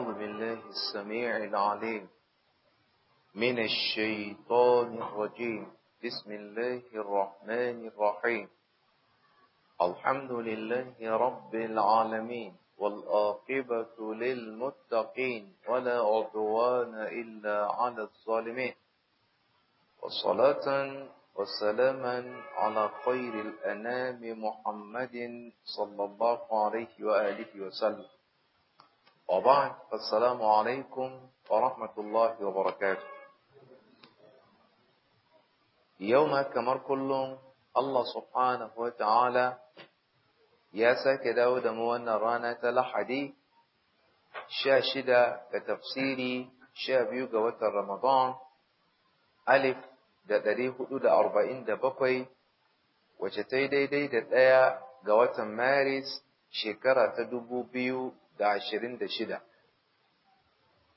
أعوذ بالله السميع العليم من الشيطان الرجيم بسم الله الرحمن الرحيم الحمد لله رب العالمين والآقبة للمتقين ولا عدوان إلا على الظالمين وصلاة وسلاما على خير الأنام محمد صلى الله عليه وآله وسلم وبعد السلام عليكم ورحمة الله وبركاته يوم كمر كلهم الله سبحانه وتعالى يا ساك داود موانا رانا تلحدي شاشدة كتفسيري شابيو قوات رمضان ألف da ɗari hudu da arba'in da bakwai wacce ta yi daidai da ɗaya ga watan maris shekara ta dubu biyu da ashirin da shida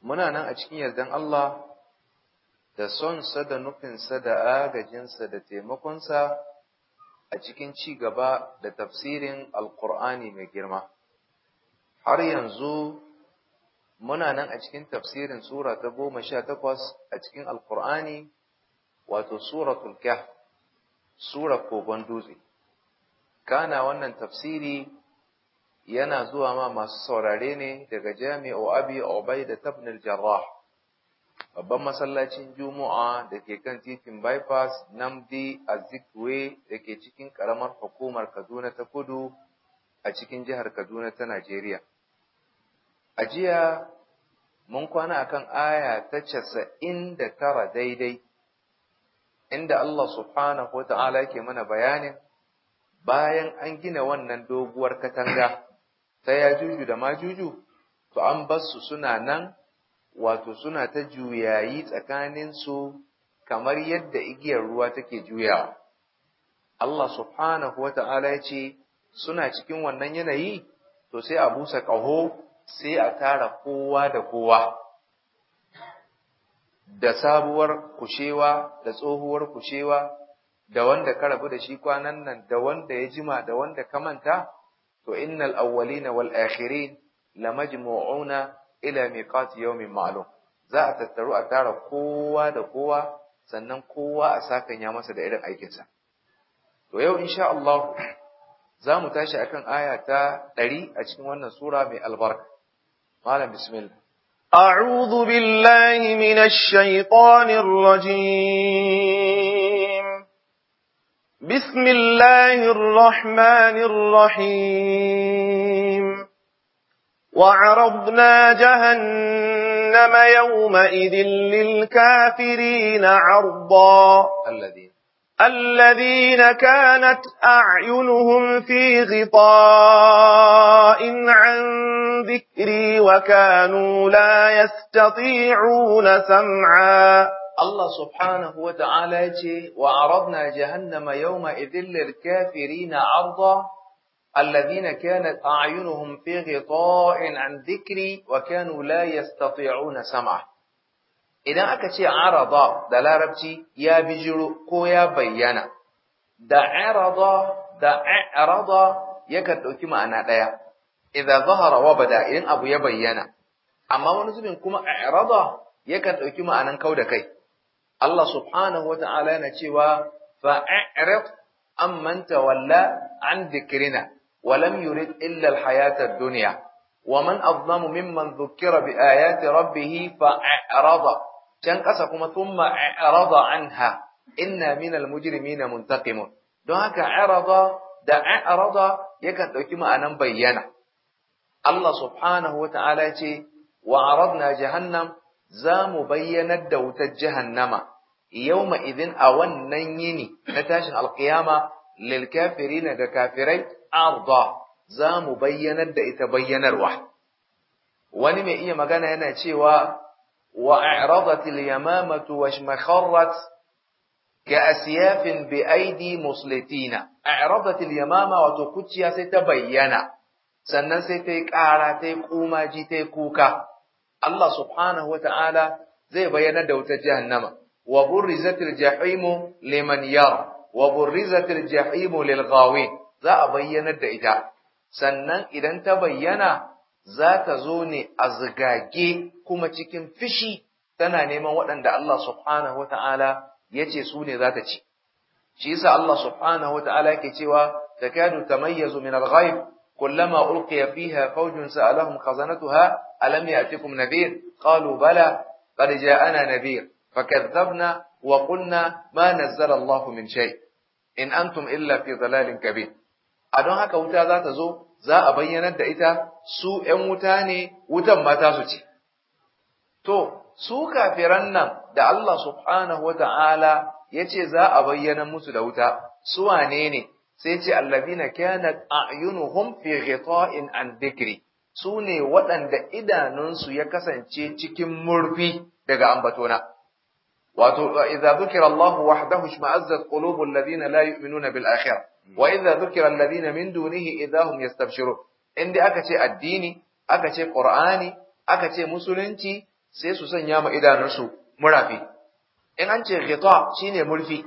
muna nan a cikin yardan Allah da sonsa da nufinsa da agajinsa da taimakonsa a cikin ci gaba da tafsirin Alƙur'ani mai girma har yanzu muna nan a cikin tafsirin sura ta goma sha takwas a cikin Alƙur'ani wato suratul kahf sura kogon dutse kana wannan tafsiri yana zuwa ma masu saurare ne daga jami'o abi obai da tabnil jarrah babban masallacin juma'a da ke kan titin bypass namdi zikwe da ke cikin karamar hukumar kaduna ta kudu a cikin jihar kaduna ta najeriya a jiya mun kwana akan aya ta casa'in da tara daidai inda allah subhanahu wa ta'ala ke mana bayanin bayan an gina wannan doguwar katanga Sai ya juju da majuju, to an basu suna nan wato suna ta juyayi tsakaninsu kamar yadda igiyar ruwa take juyawa. Allah subhanahu wa ta'ala ya ce suna cikin wannan yanayi to sai a busa ƙaho sai a tara kowa da kowa. Da sabuwar kushewa da tsohuwar kushewa da wanda ka rabu da shi kwanan nan da wanda ya jima da wanda ka manta to innal awwalina wal akhirin lamajmu'una ila miqati yawmin ma'lum za a tattaru a tara kowa da kowa sannan kowa a sakanya masa da irin aikinsa to yau insha Allah za mu tashi akan aya ta ɗari a cikin wannan sura mai albarka malam bismillah أعوذ billahi من الشيطان الرجيم بسم الله الرحمن الرحيم وعرضنا جهنم يومئذ للكافرين عرضا الذين الذين كانت أعينهم في غطاء عن ذكري وكانوا لا يستطيعون سمعا الله سبحانه وتعالى يجي وعرضنا جهنم يومئذ للكافرين عرضا الذين كانت أعينهم في غطاء عن ذكري وكانوا لا يستطيعون سمع إذا أكتي عرضا دلا ربتي يا بجلو كو يا بيانا دا عرضا دا عرضا يكتو كما أنا ليا إذا ظهر وبدا إن أبو يبينا أما ونزل من عرضا يكتو كما أنا كودكي Allah subhanahu wa ta'ala yana cewa fa'arif amman tawalla an dhikrina walam yurid illa al-hayata ad wa man azlamu mimman dhukkira bi ayati rabbihi fa'arada can ƙasa kuma thumma arada anha inna minal mujrimina muntakimun don haka arada da arada yakan ɗauki ma'anan bayyana Allah subhanahu wa ta'ala ce wa aradna jahannam za mu bayyanar da wutar jahannama yawma idin a wannan yini na tashin alkiyama lil kafirina ga kafirai arda za mu bayyanar da ita bayyanarwa wani mai iya magana yana cewa wa a'radat al-yamamatu wa shmakharat ka asyafin bi aidi muslitina a'radat al-yamama wato kuciya sai ta bayyana sannan sai ta yi ƙara ta yi ji ta yi kuka Allah subhanahu wa ta'ala zai bayyana da wutar jahannama wa burrizatil jahimu liman yara wa burrizatil za a bayyanar da ita sannan idan ta bayyana za ta zo ne a zigage kuma cikin fishi tana neman waɗanda Allah subhanahu wa ta'ala ya ce su ne za ta ci. Shi yasa Allah subhanahu wa ta'ala yake cewa ta kyadu ta mayyazu min al-ghaib kullama ulqiya fiha fawjun sa'alahum khazanatuha alam ya'tikum nabir qalu bala qad ja'ana nabir فكذبنا وقلنا ما نزل الله min شيء in antum illa fi dalalin kabir a don haka wuta za ta zo za a bayyanar da ita su ’yan wuta ne wutan mata su ce. To, su kafiran nan da Allah subhanahu ta'ala ya ce za a bayyana musu da wuta, su wane ne sai ce allazina kanat a'yunuhum fi ghita'in an dhikri su ne waɗanda idanunsu ya kasance cikin murfi daga ambatona. وإذا ذكر الله وحده اشمأزت قلوب الذين لا يؤمنون بالآخرة وإذا ذكر الذين من دونه إذا هم يستبشرون إن أكتي الديني أكتي قرآني أكتي تي مسلنتي سيسو سنياما إذا نسو مرافي إن أنت غطاء شيني ملفي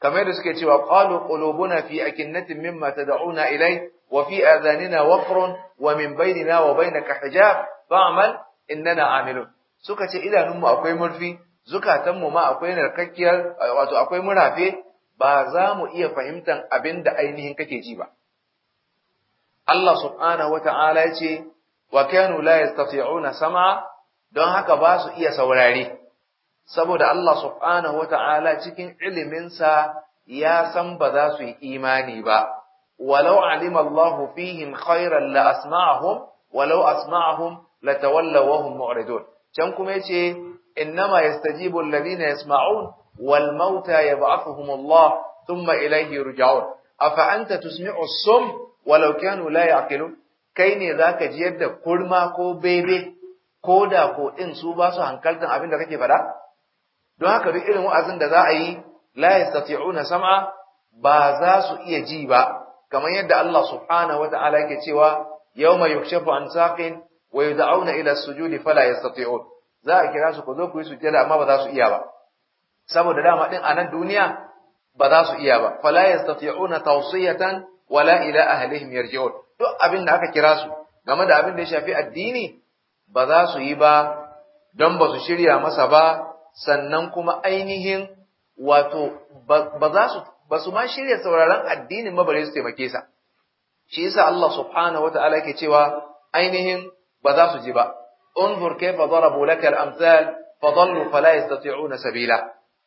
كما يرسك تي وقالوا قلوبنا في أكنة مما تدعونا إليه وفي آذاننا وقر ومن بيننا وبينك حجاب فاعمل إننا عاملون سكتي إذا نمو أكوي ملفي zukatanmu ma akwai narkakkiyar wato akwai murafe ba za mu iya fahimtar abin da ainihin kake ji ba Allah subhanahu wata'ala ya ce wa kanu la yastati'una sama don haka ba su iya saurare saboda Allah subhanahu Ta'ala cikin iliminsa ya san ba za su yi imani ba walau alima Allahu fihim khairan la asma'ahum walau asma'ahum la tawallawahum wa mu'ridun can kuma yace إنما يستجيب الذين يسمعون والموتى يبعثهم الله ثم إليه يرجعون أفأنت تسمع الصم ولو كانوا لا يعقلون كين ذاك جيبدا كرما كو بيبي كودا كو إن سوباسو هنكالتا عبين ذاك فدا دو هكا دو إلمو أزن لا يستطيعون سمع بازاسو إيجيبا كما يدى الله سبحانه وتعالى كتوا يوم يكشف عن ساق ويدعون إلى السجود فلا يستطيعون za a kira su ku zo ku yi sujjada amma ba za su iya ba saboda dama din a nan duniya ba za su iya ba fala yastati'una tawsiyatan wala ila ahlihim yarji'un duk abin da aka kira su game da abin da ya shafi addini ba za su yi ba don ba su shirya masa ba sannan kuma ainihin wato ba za su ba su ma shirya sauraron addinin bare su taimake sa shi yasa Allah subhanahu wata'ala yake cewa ainihin ba za su ji ba انظر كيف ضربوا لك الامثال فضلوا فلا يستطيعون sabila.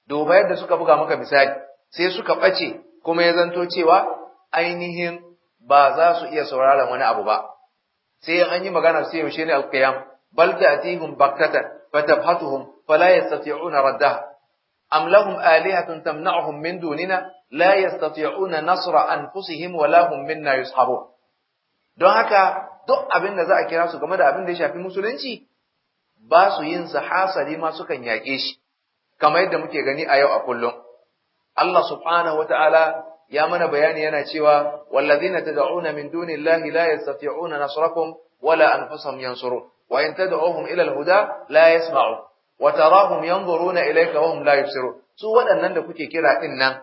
duba yadda suka buga maka misali sai suka ɓace kuma ya zanto cewa ainihin ba za su iya sauraron wani abu ba sai an yi magana sai yaushe ne alqiyam bal ta'tihum baktatan fatabhatuhum fala yastati'una raddaha am lahum alihatun tamna'uhum min dunina la yastati'una nasra anfusihim wa lahum minna yushabun don haka duk abin da za a kira su game da abin da ya shafi musulunci ba su yin sa hasali ma sukan yaƙe shi kamar yadda muke gani a yau a kullum Allah subhanahu Ta'ala ya mana bayani yana cewa wallazina tad'una min dunillahi la yastati'una nasrakum wala anfusahum yansurun wa in tad'uhum ila alhuda la yasma'u wa tarahum yanzuruna ilayka wa hum la yubsirun su waɗannan da kuke kira din nan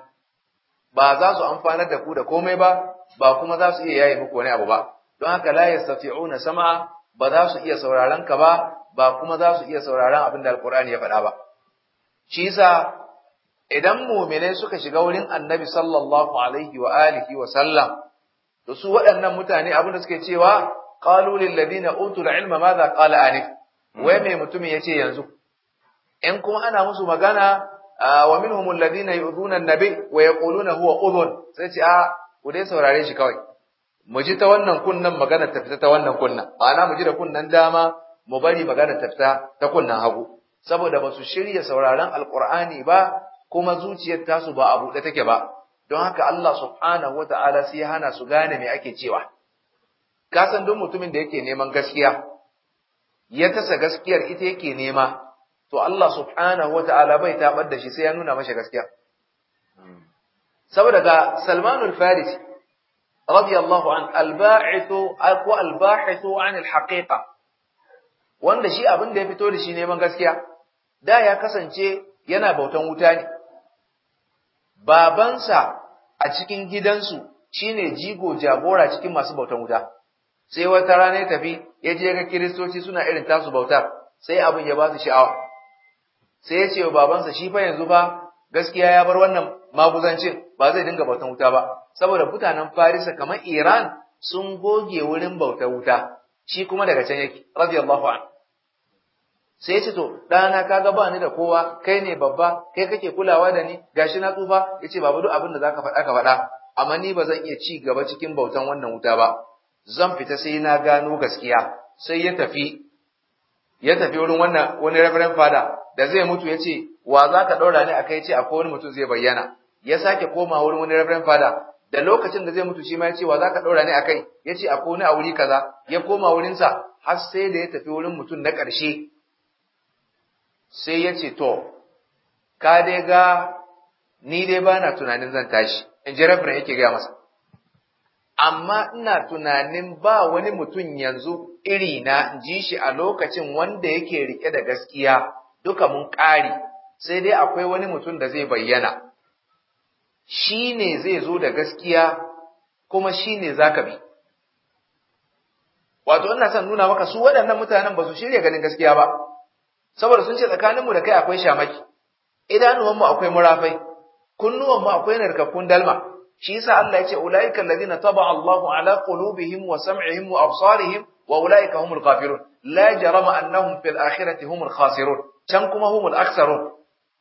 ba za su amfanar da ku da komai ba ba kuma za su iya yaye muku wani abu ba don haka la yastati'una sama ba za su iya sauraron ka ba ba kuma za su iya sauraron abin da alqur'ani ya faɗa ba shi yasa idan mu'minai suka shiga wurin annabi sallallahu alaihi wa alihi wa sallam to su waɗannan mutane abin da suke cewa qalu lil ladina utul ilma madha qala anif wai mai mutumin yace yanzu in kuma ana musu magana wa minhum alladhina yu'dhuna an-nabi wa yaquluna huwa udhun sai ce a ku dai saurare shi kawai mu ji ta wannan kunnan magana ta fita ta wannan kunnan ana mu ji da kunnan dama mu bari magana ta fita ta kunnan hagu saboda ba su shirya sauraron alqur'ani ba kuma zuciyar tasu ba a buɗe take ba don haka Allah subhanahu wata'ala sai hana su gane me ake cewa ka san duk mutumin da yake neman gaskiya ya tasa gaskiyar ita yake nema to Allah subhanahu wata'ala bai tabar da shi sai ya nuna masa gaskiya hmm. saboda ga Salmanul Farisi radiyallahu an ko albahithu an alhaqiqa wanda shi abin da ya fito da shi neman gaskiya da ya kasance yana bautan wuta ne babansa a cikin gidansu shine jigo jagora cikin masu bautan wuta sai wata rana ya tafi ya je ga kiristoci suna irin tasu bautar sai abin ya ba su sha'awa sai ya ce wa babansa shi fa yanzu ba gaskiya ya bar wannan maguzancin ba zai dinga bautan wuta ba saboda mutanen Farisa kamar Iran sun goge wurin bautan wuta shi kuma daga can yake radiyallahu an sai ce to dana kaga ba ni da kowa kai ne babba kai kake kulawa da ni gashi na tsufa yace babu duk abin da zaka faɗa ka faɗa amma ni ba zan iya ci gaba cikin bautan wannan wuta ba zan fita sai na gano gaskiya sai ya tafi ya tafi wurin wannan wani reverend fada da zai mutu yace wa zaka ka ɗaura ni a kai ce akwai wani mutum zai bayyana ya sake koma wurin wani reverend fada da lokacin da zai mutu shi ma ya ce wa za ka ɗaura ni a kai ya ce a kone a wuri kaza ya koma wurin sa har sai da ya tafi wurin mutum na ƙarshe sai ya ce to ka dai ga ni dai ba tunanin zan tashi in ji reverend yake gaya masa amma ina tunanin ba wani mutum yanzu iri na ji shi a lokacin wanda yake rike da gaskiya duka mun ƙari sai dai akwai wani mutum da zai bayyana shi ne zai zo da gaskiya kuma shi ne za ka bi wato ina son nuna maka su waɗannan mutanen ba su shirya ganin gaskiya ba saboda sun ce tsakaninmu da kai akwai shamaki idanuwanmu akwai murafai kunnuwanmu akwai narkakkun dalma shi yasa Allah ya ce ulaika allazina taba Allahu ala qulubihim wa sam'ihim wa absarihim wa ulaika humul kafirun la jarama annahum fil akhirati humul khasirun can kuma humul aksarun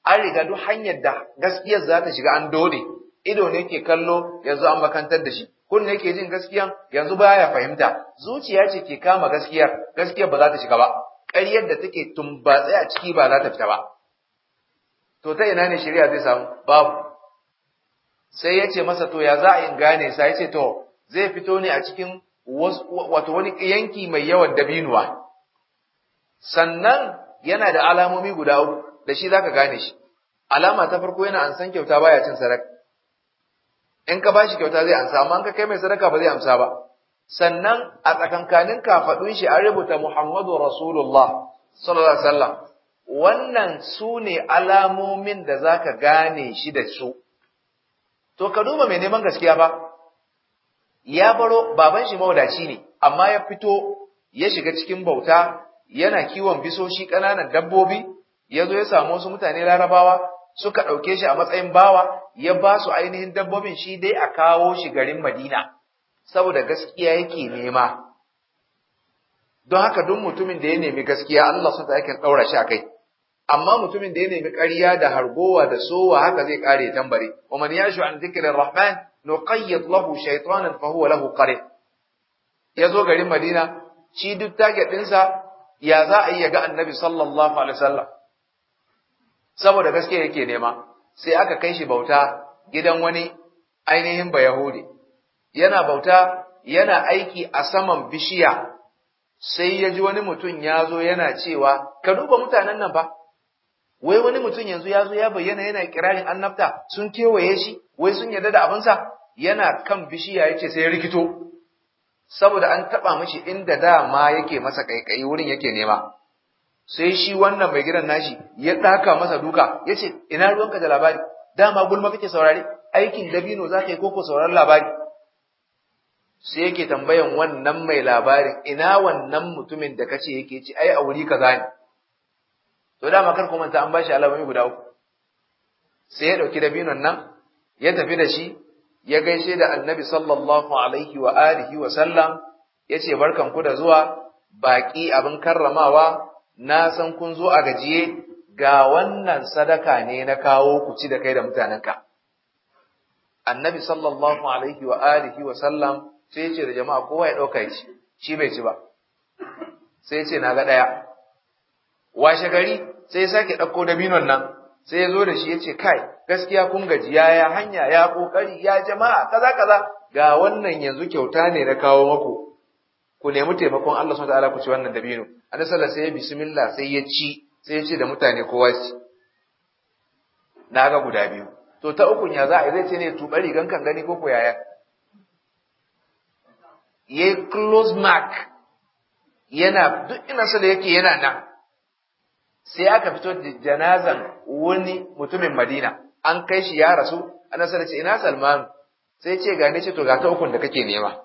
an riga duk hanyar da gaskiyar za ta shiga an dole ido ne ke kallo yanzu an makantar da shi Kun ne ke jin gaskiya yanzu baya fahimta zuciya ce ke kama gaskiyar gaskiyar ba za ta shiga ba ƙaryar da take tumbatse a ciki ba za ta fita ba to ta ina ne shari'a zai samu babu sai ya ce masa to ya za a yi gane sa ya ce to zai fito ne a cikin wato wani yanki mai yawan dabinuwa sannan yana da alamomi guda uku da shi zaka gane shi alama ta farko yana an san kyauta baya cin sadaka in ka bashi kyauta zai amsa amma ka kai mai sadaka ba zai amsa ba sannan a tsakankanin kafadun shi an rubuta Muhammadu Rasulullah sallallahu alaihi wasallam wannan su ne alamomin da zaka gane shi da su to ka duba mai neman gaskiya ba ya baro baban shi mawadaci ne amma ya fito ya shiga cikin bauta yana kiwon bisoshi ƙananan dabbobi ya zo ya samu wasu mutane larabawa suka ɗauke shi a matsayin bawa ya ba su ainihin dabbobin shi dai a kawo shi garin Madina saboda gaskiya yake nema don haka duk mutumin da ya nemi gaskiya Allah sun ta ɗaura shi a kai amma mutumin da ya nemi ƙarya da hargowa da sowa haka zai ƙare tambari wa man yashu an zikrir rahman nuqayyid lahu shaytanan fa huwa lahu qarin yazo garin Madina shi duk target ɗinsa ya za a yi ya ga annabi sallallahu alaihi wasallam saboda gaske yake nema sai aka kai shi bauta gidan wani ainihin ba Yahudi yana bauta yana aiki a saman bishiya sai ya ji wani mutum ya zo yana cewa ka duba mutanen nan ba wai wani mutum yanzu ya zo ya bayyana yana kirarin annabta sun kewaye shi wai sun yarda da abinsa yana kan bishiya ya ce sai ya rikito saboda an taɓa mashi inda da ma yake masa ƙaiƙayi wurin yake nema sai shi wannan mai gidan nashi ya ɗaka masa duka ya ce ina ruwanka da labari dama gulma kake saurari, aikin dabino za ka yi koko sauran labari sai yake tambayan wannan mai labari ina wannan mutumin da kace yake ci ai a wuri za ni? to dama kar ku manta an bashi alamomi guda uku sai ya dauki dabinon nan ya tafi da shi ya gaishe da annabi sallallahu alaihi wa alihi wa sallam yace ce barkanku da zuwa baki abin karramawa na san kun zo a gajiye ga wannan sadaka ne na kawo ku ci da kai da mutanenka annabi sallallahu alaihi wa alihi wa sallam sai ce da jama'a kowa ya dauka ci shi bai ci ba sai ce na ga ɗaya. washe gari sai ya ɗauko da dabinon nan sai ya zo da shi ya ce kai gaskiya kun gaji ya ya hanya ya ƙoƙari ya jama'a kaza kaza ga wannan yanzu kyauta ne na kawo maku ku nemi taimakon Allah subhanahu wataala ku ci wannan dabino annabi sallallahu alaihi wasallam sai bismillah sai ya ci sai ya ce da mutane kowa ci na ga guda biyu to ta ukun ya za a zai ce ne tuɓa rigan kan gani ko ku yaya yayi close mark yana duk ina so da yake yana nan sai aka fito da janazan wani mutumin Madina an kai shi ya rasu annabi sallallahu alaihi wasallam ina Salman sai ce ga ne ce to ga ta ukun da kake nema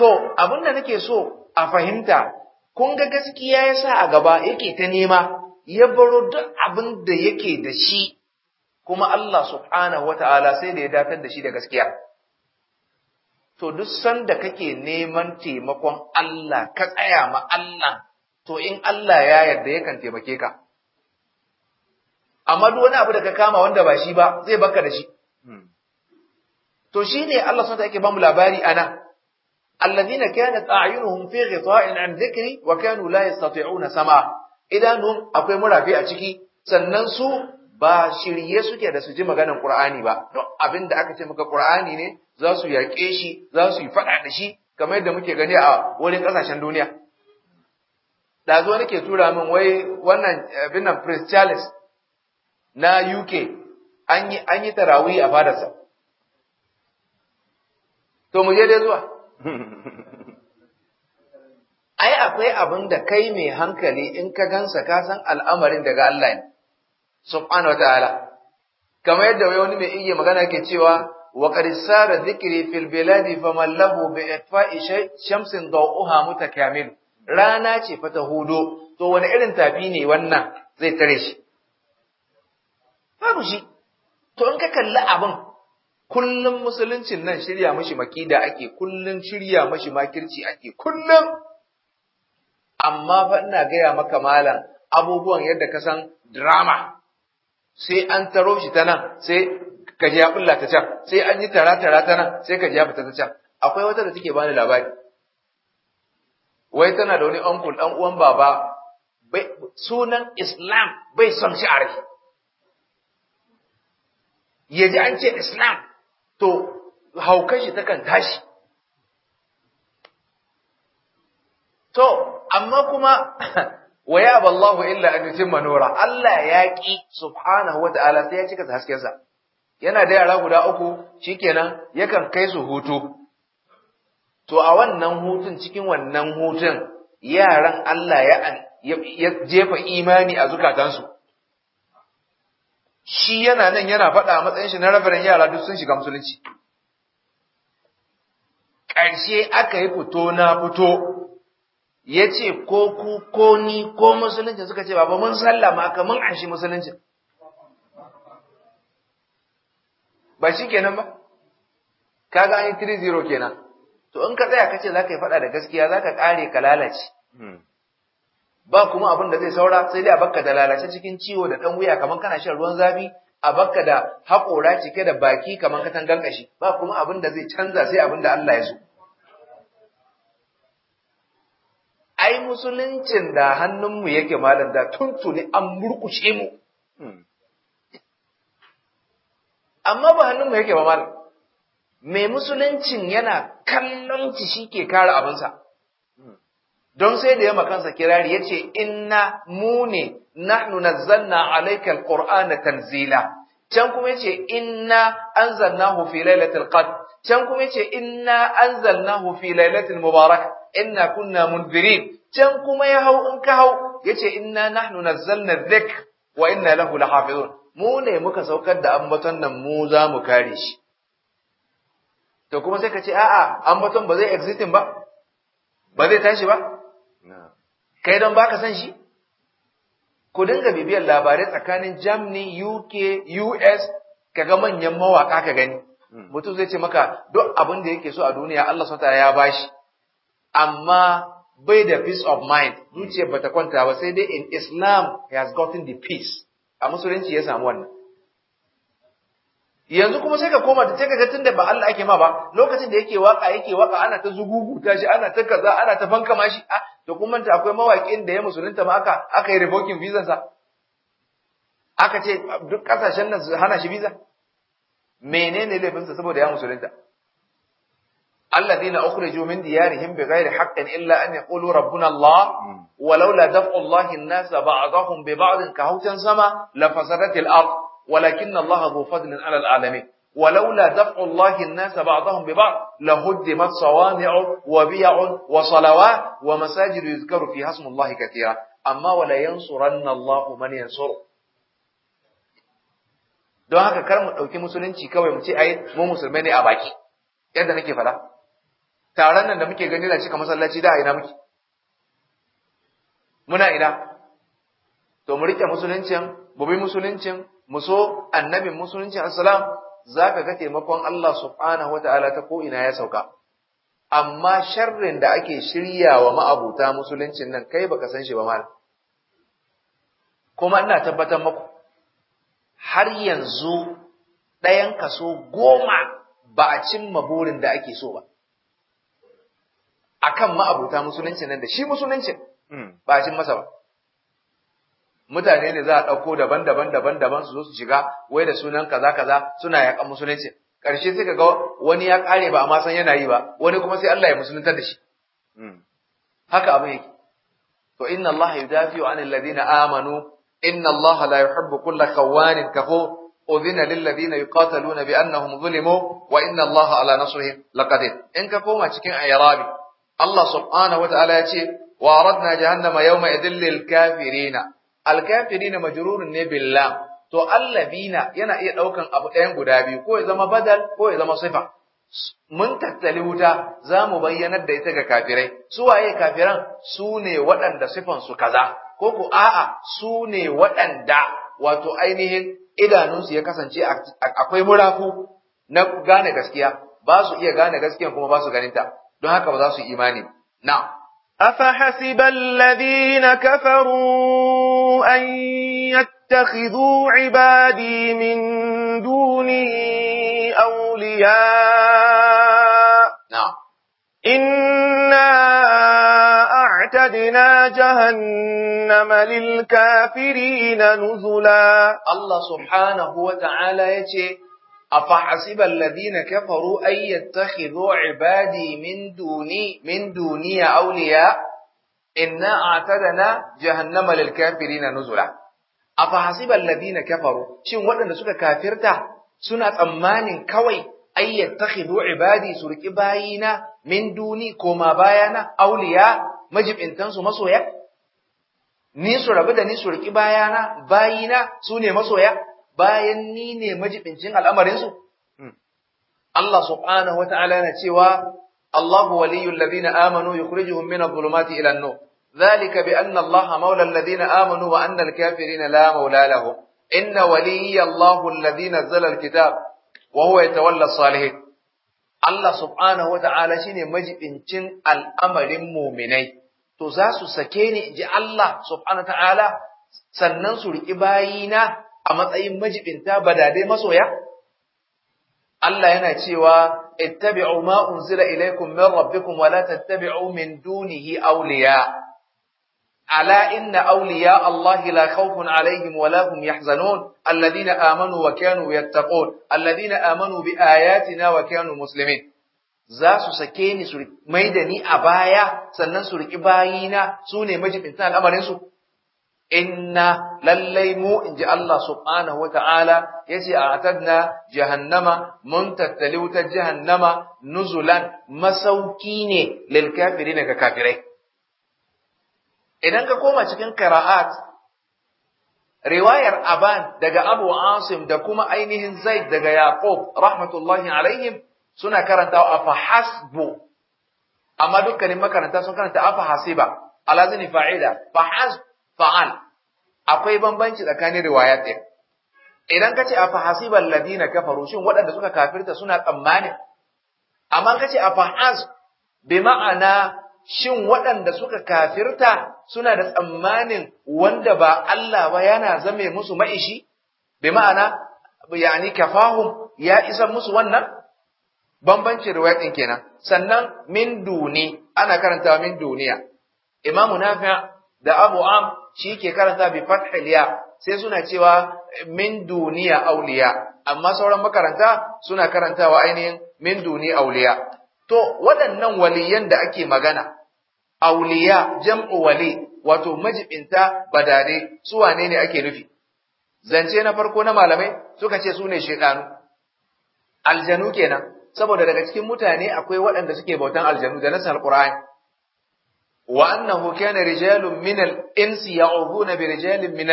To, abin da nake so a fahimta, kun ga gaskiya ya sa a gaba yake ta nema, ya baro duk abin da yake da shi, kuma Allah subhanahu wa ta'ala sai da ya datar da shi da gaskiya. To, duk sanda kake neman taimakon Allah, ka tsaya ma Allah, to in Allah ya yarda yakan taimake ka. Amma duk wani abu da ka kama wanda ba shi ba, zai baka da shi. Hmm. To, shi ne Allah sun ta yake ba mu labari a nan. الذين كانت أعينهم في غطاء عن ذكري وكانوا لا يستطيعون سماع Idanu akwai murafi a ciki sannan su ba shirye suke da su ji maganar Qur'ani ba duk abin da aka ce maka Qur'ani ne za su yaƙe shi za su yi faɗa da shi kamar yadda muke gani a wurin ƙasashen duniya da zo nake tura min wai wannan abin nan Prince Charles na UK an yi an yi tarawih a fadarsa to mu je dai zuwa ai akwai abin da kai mai hankali in ka gansa kasan al'amarin daga Allah ne subhanahu ta’ala, kamar yadda wani mai iya magana ke cewa wa da zikiri fil biladi bi ishe shamsin muta kamil rana ce fa ta hudo to wani irin tafi ne wannan zai tare shi babu shi to in ka kalli abin kullum musuluncin nan shirya mashi makida ake kullum shirya mashi makirci ake kullum amma fa ina gaya maka malam abubuwan yadda ka san drama sai an taro shi ta nan sai ka ji ya bulla ta can sai an yi tara tara ta nan sai ka ji ya fita ta can akwai wata da take bani labari wai tana da wani uncle dan uwan baba sunan Islam bai son shi a rai ya an ce Islam to haukan shi takan tashi to amma kuma waya ya ballahu illa an yutimma nura Allah ya ki subhanahu wataala sai ya cika haskensa yana da yara guda uku shikenan yakan kai su hutu to a wannan hutun cikin wannan hutun yaran Allah ya jefa imani a zukatansu shi yana nan yana faɗa a matsayin shi na rabarin yara duk sun shiga musulunci ƙarshe aka yi fito na fito ya ce ko ku ko ni ko musulunci suka ce ba, mun sallama aka mun shi musulunci ba shi kenan ba ka ga an yi 3-0 kenan to in ka tsaya ka ce za ka yi faɗa da gaskiya za ka ƙare ka lalace hmm. ba kuma abin da zai saura sai dai a bakka da lalace cikin ciwo da dan wuya kamar kana shan ruwan zafi a bakka da haƙora cike da baki kamar katangan ƙashi ba kuma abin da zai canza sai abin da Allah ya so ai musuluncin da hannunmu yake malam da tuntuni an murkushe mu hmm. amma ba hannunmu yake ba malam mai musuluncin yana kallon shi ke kare abinsa don sai da ya kansa kirari ya ce inna mu ne nahnu nazzalna alaikal qur'ana tanzila can kuma yace inna anzalnahu fi lailatul qadr can kuma yace inna anzalnahu fi lailatul mubarak inna kunna munzirin can kuma ya hau in ka hau yace inna nahnu nazzalna dhikr wa inna lahu lahafizun mu ne muka saukar da ambaton nan mu za mu kare shi to kuma sai ka ce a'a ambaton ba zai existing ba ba zai tashi ba kai don baka san shi ku dinga bibiyar labarai tsakanin Germany UK US ka ga manyan mawaka ka gani hmm. mutum zai ce maka duk abin da yake so a duniya Allah subhanahu ya ba shi amma bai da peace of mind zuciyar bata kwanta ba sai dai in Islam he has gotten the peace a musulunci ya samu wannan yanzu kuma sai ka koma ta ka tun da ba Allah ake ma ba lokacin da yake waka yake waka ana ta zuguguta shi ana ta kaza ana ta fankama shi a ah, to kuma manta akwai mawaƙin da ya musulunta ma aka aka yi revoking visa sa aka ce duk kasashen nan su hana shi visa menene laifinsa saboda ya musulunta الذين أخرجوا من ديارهم بغير حق إلا أن يقولوا ربنا الله ولولا nasa الله bi بعضهم ka كهوتا sama لفسدت الأرض walakin Allah zu fadlin alal alamin ولولا دفع الله الناس بعضهم ببعض لهدمت صوامع وبيع وصلوات ومساجد يذكر فيها اسم الله كثيرا أما ولا ينصرن الله من ينصره don haka kar mu ɗauki musulunci kawai mu ce ai mu musulmai ne a baki yadda nake faɗa taron nan da muke gani da cika masallaci da ina muke muna ina to mu rike musuluncin mu bi musuluncin mu so annabin musuluncin assalam zaka ga taimakon Allah subhanahu wataala ta ko ina ya sauka amma sharrin da ake shiryawa ma'abuta musuluncin nan kai baka san shi ba mal kuma ina tabbatar maku har yanzu ɗayan kaso goma ba a cimma burin da ake so ba akan ma'abuta musuluncin nan da shi musuluncin hmm. ba a cin masa ba mutane ne za a ɗauko daban-daban daban-daban su zo su shiga wai da sunan kaza-kaza suna yaƙan musulunci ƙarshe sai ka ga wani ya ƙare ba amma san yana yi ba wani kuma sai Allah ya musuluntar da shi hmm. haka abin yake to inna Allah yudafi'u 'anil ladina amanu inna Allah la yuhibbu kulla khawanin kafur udhina lil ladina yuqataluna bi annahum zulimu wa inna Allah ala nasrihim laqadir in ka koma cikin ayrabi Allah subhanahu wa ta'ala ya ce wa aradna jahannama yawma idhil lil kafirina alkafirina majrurun ne billah to allabina yana iya daukan abu ɗayan guda biyu ko ya zama badal ko ya zama sifa mun tattali wuta za mu bayyanar da ita ga kafirai su waye kafiran su ne waɗanda sifan su kaza ko ku a'a su ne waɗanda wato ainihin idanunsu ya kasance akwai murafu na gane gaskiya ba su iya gane gaskiya kuma ba su ganinta don haka ba za su imani na أفحسب الذين كفروا أن يتخذوا عبادي من دوني أولياء نعم إنا أعتدنا جهنم للكافرين نزلا الله سبحانه وتعالى يتي أفحسب الذين كفروا أن يتخذوا عبادي من دوني من دوني أولياء إنا أعتدنا جهنم للكافرين نزلا أفحسب الذين كفروا شنو ودن سكا كافرتا سنة أمان كوي أن يتخذوا عبادي سرك باينا من دوني كما باينا أولياء مجب إن تنسوا مصويا ni su rabu da ni su bayan ni ne majibincin al'amarinsu? Hmm. Allah subhanahu wa ta'ala na cewa, Allahu waliyul ladina amanu yukhrijuhum min adh-dhulumati ila an-nur. bi anna Allaha mawla amanu wa anna al-kafirina la maula lahum. Inna waliyya Allahu alladhi nazzala al-kitab wa huwa yatawalla as-salihin. Allah subhanahu wa ta'ala shine majibincin al'amarin mu'minai. To za su sake ni inji Allah subhanahu wa ta'ala sannan su riki bayina a matsayin majibinta badadai masoya? Allah yana cewa ittabi'u ma unzila ilaikum min rabbikum wa la tattabi'u min dunihi awliya ala inna awliya Allah la khawfun alayhim wa la hum yahzanun alladhina amanu wa kanu yattaqun alladhina amanu bi ayatina wa kanu muslimin za su sake ni su maida ni a baya sannan su riki bayina su ne majibinta al'amarin su inna lallai mu in ji Allah subhanahu ta'ala ya ce a atadna jahannama mun tattali wutar jahannama nuzulan masauki ne lil kafiri daga kafirai idan ka koma cikin qira'at riwayar aban daga abu asim da kuma ainihin zaid daga yaqub rahmatullahi alaihim suna karantawa afa hasbu amma dukkanin makaranta sun karanta afa hasiba ala zini fa'ila fa fa'al akwai bambanci tsakanin riwaya ɗaya. idan kace a fahasibal ladina kafaru shin waɗanda suka kafirta suna tsammanin amma kace a fahas bi ma'ana shin waɗanda suka kafirta suna da tsammanin wanda ba Allah ba yana zame musu ma'ishi bi ma'ana yani kafahum ya isa musu wannan bambancin riwaya ɗin kenan sannan min duni ana karanta min duniya imamu nafi' da Abu Am shi ke karanta bi fathil ya sai suna cewa min duniya auliya amma sauran makaranta suna karantawa ainihin min duniya auliya to waɗannan waliyan da ake magana auliya jam'u wali wato majibinta badare su wane ne ake nufi zance na farko na malamai suka ce su ne shaidanu aljanu kenan saboda daga cikin mutane akwai waɗanda suke bautan aljanu da nasar alqur'ani wa annahu kana rijalun min al-insi ya'uduna bi rijalin min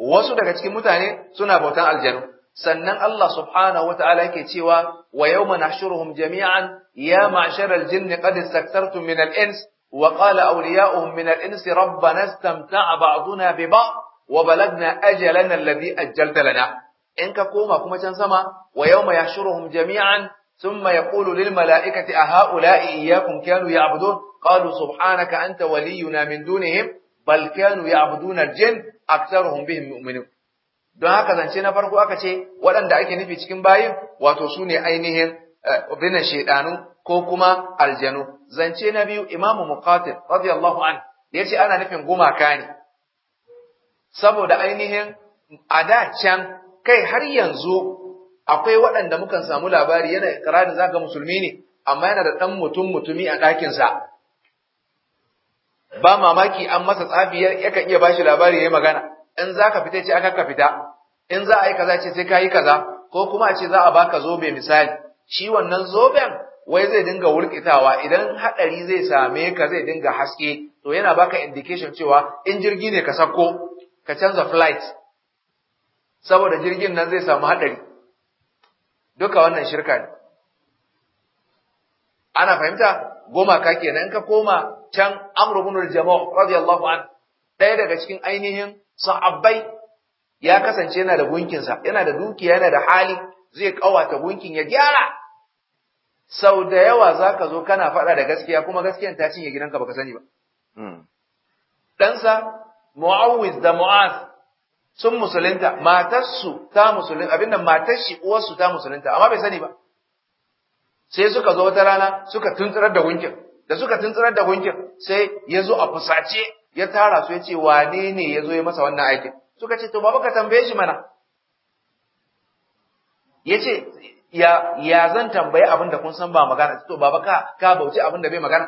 wasu daga cikin mutane suna bautan aljanu sannan Allah subhanahu wata'ala yake cewa wa yawma nahshuruhum jami'an ya ma'shara al-jinni qad istaktartum min al-ins wa qala awliya'uhum min al-insi rabbana istamta'a ba'duna bi ba'd wa balagna ajalana alladhi ajjalta lana in ka koma kuma can sama wa yawma yahshuruhum jami'an ثم يقول للملائكة أهؤلاء إياكم كانوا يعبدون قالوا سبحانك أنت ولينا من دونهم بل كانوا يعبدون الجن أكثرهم بهم مؤمنون don haka zance na farko aka ce waɗanda ake nufi cikin bayin wato su ne ainihin binan shaidanu ko kuma aljanu zance na biyu imamu muqatil radiyallahu an ya ce ana nufin gumaka ne saboda ainihin a da can kai har yanzu akwai waɗanda mukan samu labari yana ikrarin zaka musulmi ne amma yana da ɗan mutum mutumi a ɗakinsa ba mamaki an masa tsafi yakan iya bashi labari yayi magana in zaka fita ce aka ka fita in za a yi kaza ce sai ka yi kaza ko kuma a ce za a baka zobe misali shi wannan zoben wai zai dinga wurkitawa idan haɗari zai same ka zai dinga haske to yana baka indication cewa in jirgi ne ka sako ka canza flight saboda jirgin nan zai samu haɗari duka wannan shirka ne ana fahimta goma ka kenan ka koma can amru bin jama'a radiyallahu an ɗaya daga cikin ainihin sahabbai ya kasance yana da gunkinsa yana da dukiya yana da hali zai kawata gunkin ya gyara sau da yawa zaka zo kana faɗa da gaskiya kuma gaskiyan ta cinye gidanka baka sani ba hmm. ɗansa mu'awiz da mu'az sun musulunta matarsu ta musulunta abin nan matar shi uwarsu ta musulunta amma bai sani ba sai suka zo wata rana suka tuntsirar da gunkin da suka tuntsirar da gunkin sai ya zo a fusace ya tara su ya ce wane ne ya zo ya masa wannan aikin suka ce to baba ka tambaye shi mana ya ce ya ya zan tambayi abin da kun san ba magana to baba ka ka bauci abin da bai magana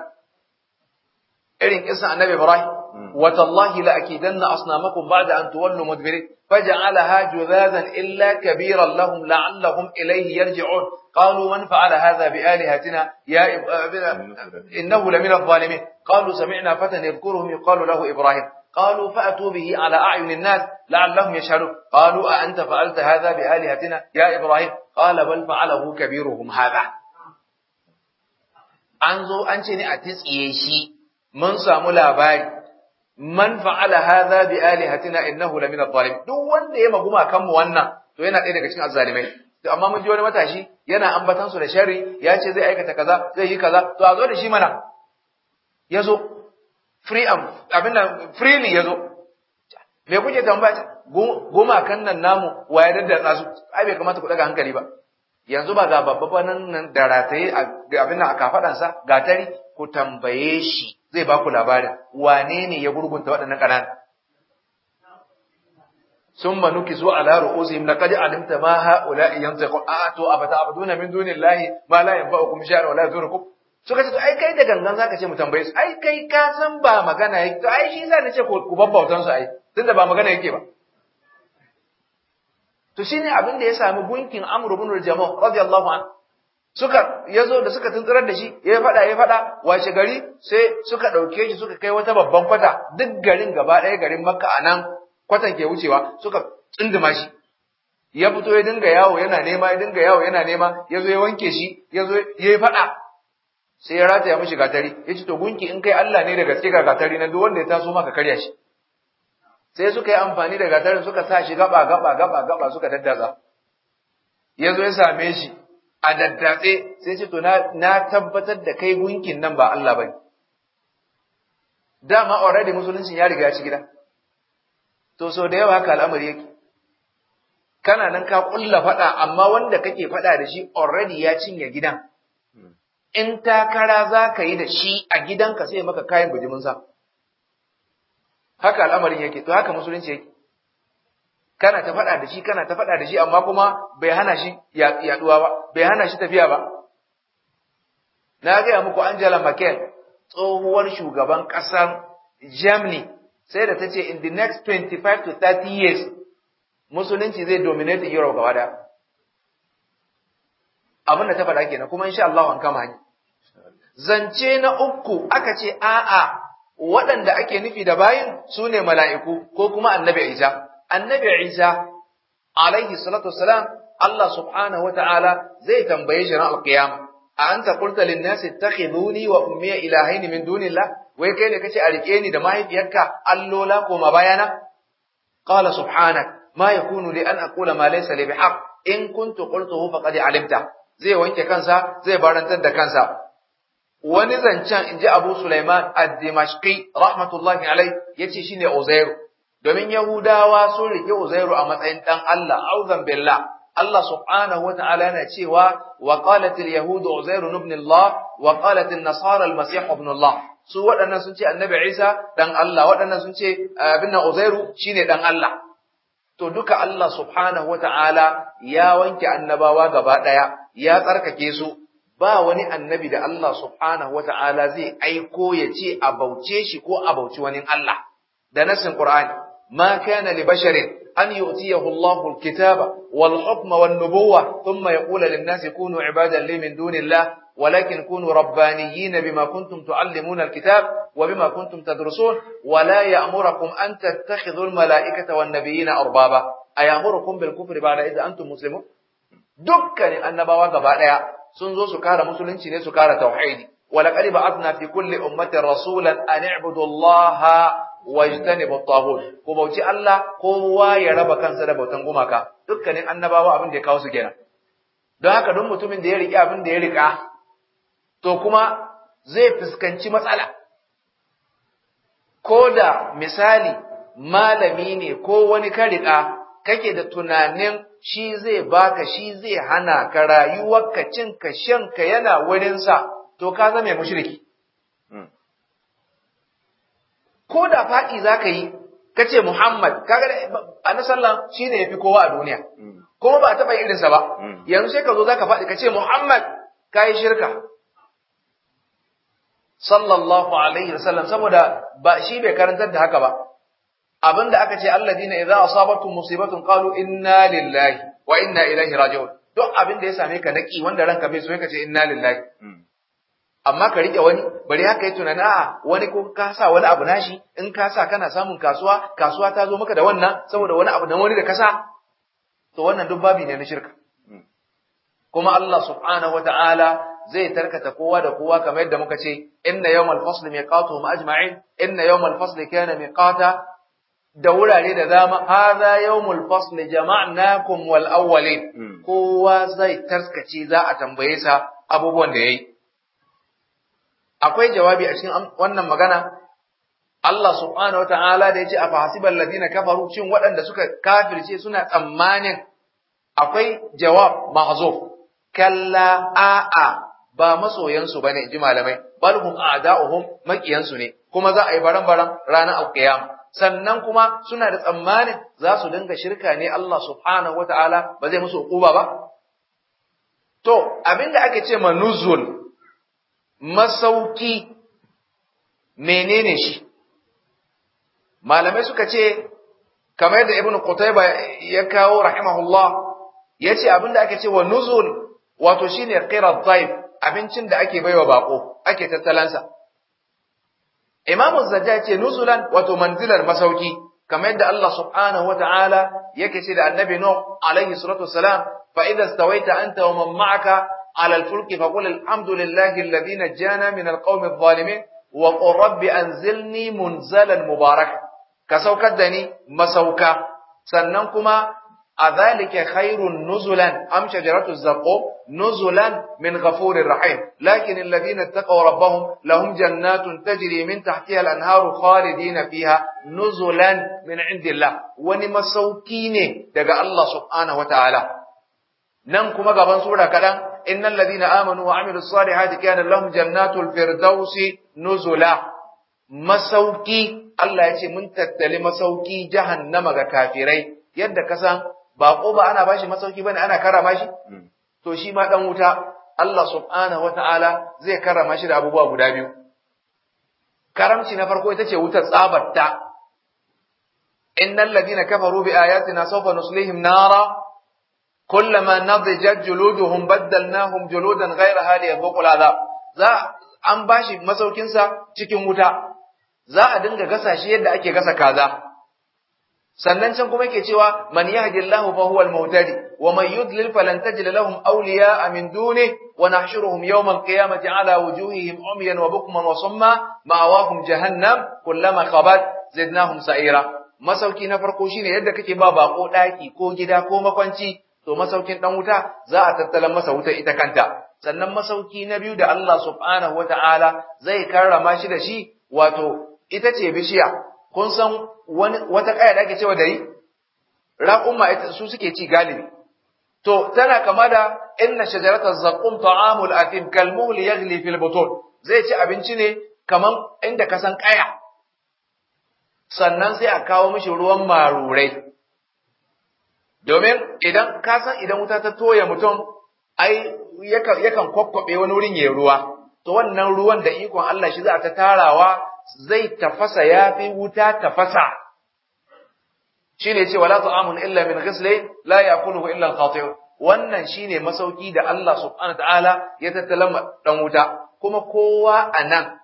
irin kisan annabi ibrahim وتالله لأكيدن أصنامكم بعد أن تولوا مدبرين فجعلها جذاذا إلا كبيرا لهم لعلهم إليه يرجعون قالوا من فعل هذا بآلهتنا يا إب... آه، إنه لمن الظالمين قالوا سمعنا فتى يذكرهم يقال له إبراهيم قالوا فأتوا به على أعين الناس لعلهم يشهدون قالوا أأنت فعلت هذا بآلهتنا يا إبراهيم قال بل فعله كبيرهم هذا an zo an ce ne a titsiye shi mun samu labari man fa'ala hadha bi alihatina innahu la min adh-dhalim duk wanda ya maguma kan mu wannan to yana ɗaya daga cikin azzalimai to amma mun ji wani matashi yana ambatan su da sharri ya ce zai aikata kaza zai yi kaza to a zo da shi mana yazo free am abin nan ya yazo me kuke tambaya goma kan nan namu waye daddatsa su ai bai kamata ku daga hankali ba yanzu ba ga babba nan nan da rataye abin nan a kafadansa gatari ku tambaye shi zai ba ku labarin wane ne ya gurgunta waɗannan ƙanana sun manuki zuwa ala na laqad alimta ma ha'ula'i yantiqu a to abata abuduna min dunillahi ma la yanfa'ukum shay'an wa la yadurukum suka ce to ai kai da gangan zaka ce mu tambaye su ai kai ka san ba magana yake to ai shi za ni ce ku babbautan su ai tunda ba magana yake ba to shine abin da ya sami gunkin Amr ibn al-Jamal radiyallahu anhu suka yazo da suka tuntsurar da shi ya faɗa ya faɗa washe gari sai suka ɗauke shi suka kai wata babban kwata duk garin gaba ɗaya garin makka a nan kwatan ke wucewa suka tsinduma shi ya fito ya dinga yawo yana nema ya dinga yawo yana nema ya zo ya wanke shi ya zo ya yi faɗa sai ya rataya mishi gatari ya ce to gunki in kai Allah ne da gaske ga gatari na duk wanda ya taso maka karya shi sai suka yi amfani da gatarin suka sa shi gaba gaba gaba gaba suka daddaza ya zo ya same shi a daddatse sai ce to na tabbatar da kai gunkin nan ba Allah bane dama already musulunci ya riga ya ci gida to so da yawa haka al'amari yake kana nan ka kulla fada amma wanda kake fada da shi already ya cinye gidan in takara za ka yi da shi a gidanka sai maka kayan sa haka al'amarin yake to haka musulunci yake kana ta faɗa da shi kana ta faɗa da shi amma kuma bai hana shi yaɗuwa ba bai hana shi tafiya ba na gaya muku Angela Merkel tsohuwar shugaban ƙasar Germany sai da ta ce in the next 25 to 30 years musulunci zai dominate Europe gaba da abin da ta faɗa kenan kuma insha Allah an kama ni zance na uku aka ce a'a waɗanda ake nufi da bayin su ne mala'iku ko kuma annabi Isa annabi Isa alaihi salatu wassalam Allah subhanahu wataala zai tambaye shi ran alqiyama a anta qulta lin nasi ittakhiduni wa ummi ilahaini min dunillah wai kai ne kace a rike ni da mahaifiyarka allola ko ma bayana qala subhanak ma yakunu li an aqula ma laysa li bihaq in kuntu qultuhu faqad alimta zai wanke kansa zai barantar da kansa wani zancen inji Abu Sulaiman ad-Dimashqi rahmatullahi alai yace shine Uzairu domin Yahudawa sun rike Uzairu a matsayin dan Allah auzan billah Allah subhanahu Ta'ala yana cewa wa qalat al Uzairu ibn Allah wa qalat nasara al masih ibn Allah su waɗannan sun ce annabi Isa dan Allah waɗannan sun ce eh, abin Uzairu shine dan Allah to duka Allah subhanahu Ta'ala ya wanke annabawa gaba ɗaya ya tsarkake su ba wani annabi da Allah subhanahu Ta'ala zai aiko ya ce a bauce shi ko a bauci wani Allah da nasin ƙur'ani ما كان لبشر أن يؤتيه الله الكتاب والحكم والنبوة ثم يقول للناس كونوا عبادا لي من دون الله ولكن كونوا ربانيين بما كنتم تعلمون الكتاب وبما كنتم تدرسون ولا يأمركم أن تتخذوا الملائكة والنبيين أربابا أيأمركم بالكفر بعد إذا أنتم مسلمون دكني أن بواقع daya sun zo مسلمين kara musulunci ne ولقد بعثنا في كل أمة رسولا أن اعبدوا الله wa yastani bi tahur ko bauci Allah kowa ya raba kansa da bautan gumaka dukkanin annabawa abin da ya kawo su kenan don haka don mutumin da ya riƙe abin da ya riƙa to kuma zai fuskanci matsala ko da misali malami ne ko wani ka riƙa kake da tunanin shi zai baka shi zai hana ka rayuwarka shan ka yana sa, to ka zama mushriki ko da faɗi za ka yi ka ce Muhammad kaga annabi sallam shine yafi kowa a duniya mm. kuma ba taɓa sa ba mm. yanzu sai ka zo za ka faɗi ka ce Muhammad ka yi shirka sallallahu alaihi wasallam saboda ba shi bai karantar da haka ba abinda aka ce alladina idza asabatu musibatun qalu inna lillahi wa inna ilaihi raji'un duk abin da ya same ka naki wanda ranka bai so ka ce inna lillahi mm. amma ka rike wani bari haka yi tunani a wani ko ka sa wani abu nashi in ka sa kana samun kasuwa kasuwa ta zo maka da wannan saboda wani abu na wani da kasa to wannan duk babi ne na shirka kuma Allah subhanahu wata'ala zai tarkata kowa da kowa kamar yadda muka ce inna yawmal fasli miqatuhum ajma'in inna yawmal fasli kana miqata da wurare da dama hadha yawmul fasli jama'nakum wal awwalin hmm. kowa zai tarkace za a tambaye sa abubuwan da yayi akwai jawabi a cikin wannan magana Allah subhanahu wata'ala da yace afa hasibal ladina kafaru cin waɗanda suka kafirce suna tsammanin akwai jawab mahzuf kalla a'a ba masoyansu bane ji malamai bal hum a'da'uhum su ne kuma za a yi baran-baran ranar alqiyama sannan kuma suna da tsammanin za su dinga shirka ne Allah subhanahu wata'ala ba zai musu uquba ba to abinda ake ce manuzul masauki menene shi malamai suka ce kamar yadda ibnu qutayba ya kawo rahimahullah yace abinda ake wa nuzul wato shine qirat dhaif abincin da ake baiwa bako ake tattalansa imamu zajja yace nuzulan wato manzilar masauki kamar yadda Allah subhanahu ta'ala yake ce da annabi nuh alaihi salatu wassalam fa idza stawaita anta wa man ma'aka على الفلك فقل الحمد لله الذي نجانا من القوم الظالمين وقل رب أنزلني منزلا مباركا كسوكا دني مسوكا سننكما أذلك خير نزلا أم شجرة الزقوم نزلا من غفور رحيم لكن الذين اتقوا ربهم لهم جنات تجري من تحتها الأنهار خالدين فيها نزلا من عند الله ونمسوكين دقى الله سبحانه وتعالى ننكما قبن سورة كلام Innan ladhina amanu wa amilus salihati kana lahum jannatul firdausi nuzula masauki Allah yace mun tattali masauki jahannama ga kafirai yadda ka san bako ba ana bashi masauki ba bane ana karama shi to shi ma dan wuta Allah subhanahu wataala zai karrama shi da abubuwa guda biyu karamci na farko ita ce wutar tsabarta innal ladina rubi bi ayatina sawfa nuslihim nara kullama nadijat juluduhum baddalnahum juludan ghayraha liyadhuqul adhab za an bashi masaukin sa cikin wuta za a dinga gasa shi yadda ake gasa kaza sannan can kuma yake cewa man yahdillahu lahu huwal Mautari, wa man yudlil falan tajid lahum awliya'a min duni wa nahshuruhum yawm al-qiyamati ala wujuhihim umyan wa bukman wa a ma'awahum jahannam kullama khabat zidnahum sa'ira masauki na farko shine yadda kake ba bako ɗaki ko gida ko makwanci to masaukin dan wuta za a tattalan masa wuta ita kanta sannan masauki na biyu da Allah subhanahu wata'ala zai karrama shi da shi wato ita ce bishiya kun san wani wata kaya da ake cewa dari raqumma ita su suke ci galibi to tana kama da inna shajarata zaqum ta'amul atim kalmuhl yaghli fil butun zai ci abinci ne kaman inda ka san kaya sannan sai a kawo mishi ruwan marurai domin idan kasan idan wuta ta toya mutum ai yakan kwakwabe wani wurin ya ruwa to wannan ruwan da ikon Allah shi za ta tarawa zai tafasa ya fi wuta tafasa shi ne ce wala ta'amun illa min ghislin la yakuluhu illa al-khati' wannan shine masauki da Allah subhanahu ta'ala ya tattalama dan wuta kuma kowa anan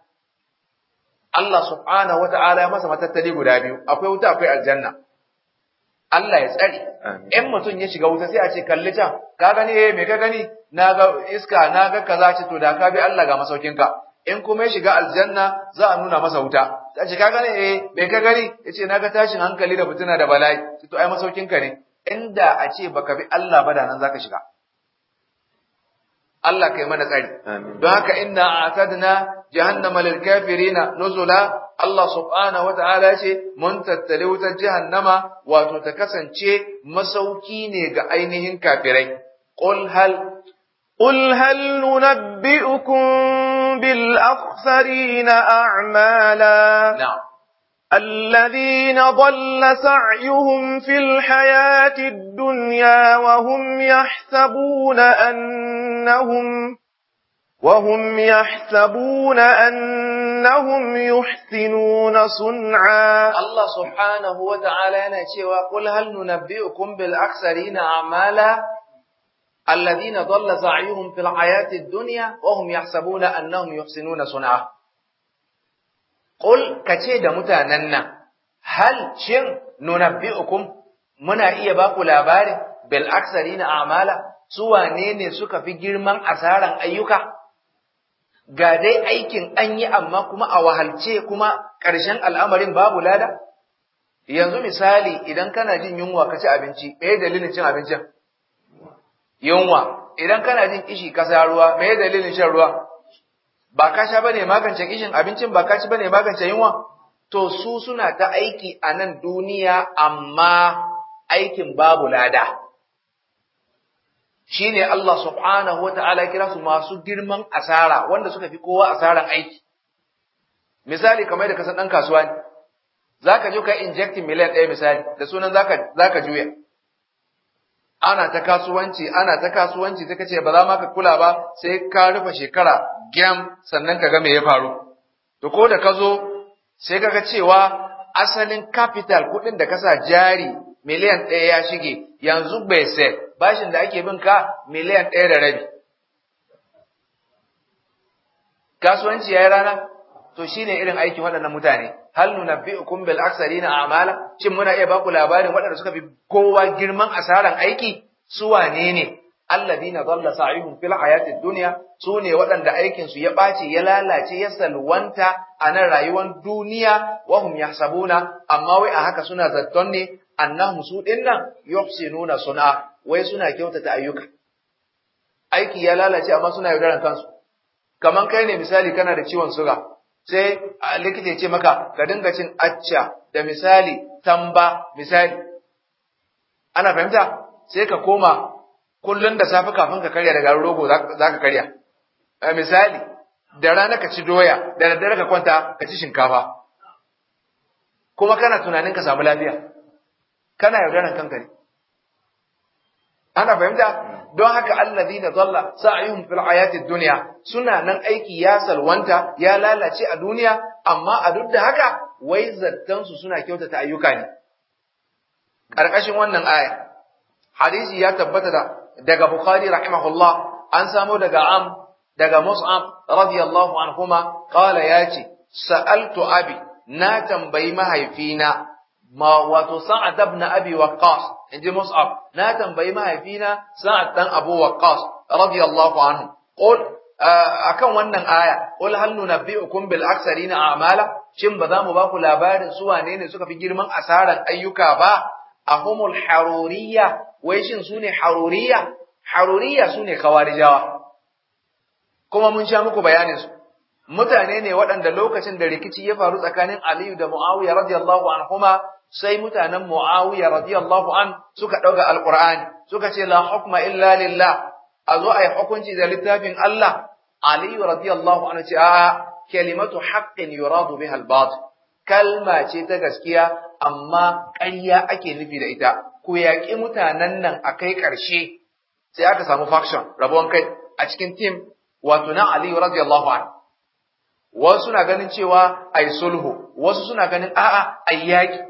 Allah subhanahu ta'ala ya masa matattali guda biyu akwai wuta akwai aljanna Allah ya tsare in mutum ya shiga wuta sai a ce kalli can ka gani eh me ka gani na ga iska na ga kaza ce to da ka bi Allah ga masaukin ka in kuma ya shiga aljanna za a nuna masa wuta sai ce ka gani eh me ka gani Ya ce na ga tashin hankali da fitina da bala'i to ai masaukin ka ne inda a ce baka bi Allah ba da nan zaka shiga Allah kai mana tsari don haka inna atadna jahannama lil kafirina nuzula Allah subhanahu wataala ce mun tattale wutar jahannama wato ta kasance masauki ne ga ainihin kafirai qul hal qul hal nunabbi'ukum bil akhsarina a'mala na'am الذين ضل سعيهم في الحياة الدنيا وهم يحسبون أنهم وهم يحسبون أنهم يحسنون صنعا الله سبحانه وتعالى نشوى قل هل ننبئكم بالأكثرين أعمالا الذين ضل سعيهم في الحياة الدنيا وهم يحسبون أنهم يحسنون صنعا Ƙul ka ce da mutanen nan, hal shin biukum, muna iya ba ku labarin bil na amala su wane ne suka fi girman asaran ayyuka? Ga dai aikin an yi amma kuma a wahalce kuma ƙarshen al'amarin babu lada? Yanzu misali idan kana jin yunwa ka ci abinci, meye dalilin cin abincin? Yunwa. Idan kana jin ishi ka ruwa, meye dalilin shan ruwa? ba ka sha bane magance kishin abincin ba ka ci bane magance yunwa to su suna ta aiki a nan duniya amma aikin babu lada shine Allah subhanahu wata'ala kira su masu girman asara wanda suka fi kowa asaran aiki misali kamar da kasan ɗan kasuwa ne zaka je ka injektin miliyan ɗaya misali da sunan zaka zaka juya ana ta kasuwanci ana ta kasuwanci ta kace ba za ma ka kula ba sai ka rufe shekara gyam sannan ka ga me ya faru to ko da ka zo sai ga cewa asalin capital kuɗin da ka sa jari miliyan ɗaya ya shige yanzu bai sai bashin da ake bin ka miliyan ɗaya da rabi kasuwanci ya yi rana to shine irin aikin waɗannan mutane hal nunabbi'ukum bil aksarina a'mala shin muna iya baku labarin waɗanda suka fi kowa girman asaran aiki su wane ne alladina dalla sa'ihum fil hayatid dunya sune waɗanda aikin su ya ɓace ya lalace ya salwanta a nan rayuwar duniya wa hum yahsabuna amma wai a haka suna zaton ne annahum su dinnan yuhsinuna suna wai suna kyautata ayyuka aiki ya lalace amma suna yaudaran kansu kaman kai ne misali kana da ciwon suga sai alikita likita ya ce maka ka dinga cin acca da misali tamba misali ana fahimta sai ka koma kullun da safe kafin ka karya daga garin rogo za ka karya misali da rana ka ci doya da daddare ka kwanta ka ci shinkafa kuma kana tunanin ka samu lafiya kana yaudaran kanka ne ana fahimta don haka allazina dalla sa'yuhum fil hayatid dunya suna nan aiki ya salwanta ya lalace a duniya amma a duk da haka wai zattan su suna kyautata ayyuka ne karkashin wannan aya hadisi ya tabbata da daga bukhari rahimahullah an samo daga am daga mus'ab radiyallahu anhuma qala yace sa'altu abi na tambayi mahaifina ma wato sa'ad ibn abi waqqas inji mus'ab na tambayi mahaifina sa'ad dan abu waqqas radiyallahu anhu qul akan wannan aya qul hal nunabbi'ukum bil aksarina a'mala shin ba za mu ba ku labarin su wane ne suka fi girman asaran ayyuka ba ahumul haruriya wai shin sune haruriya haruriya sune kawarijawa kuma mun sha muku bayanin su mutane ne waɗanda lokacin da rikici ya faru tsakanin Aliyu da Muawiya radiyallahu anhuma sai mutanen Muawiya radiyallahu an suka ɗauka alƙur'ani suka ce la hukma illa lillah a zo a yi hukunci da littafin Allah Ali radiyallahu an ce a kalimatu haqqin yuradu biha al kalma ce ta gaskiya amma ƙarya ake nufi da ita ku yaƙi mutanen nan a kai ƙarshe sai aka samu faction rabuwan kai a cikin tim wato na Ali radiyallahu an wasu na ganin cewa ai sulhu wasu suna ganin a'a ai yaƙi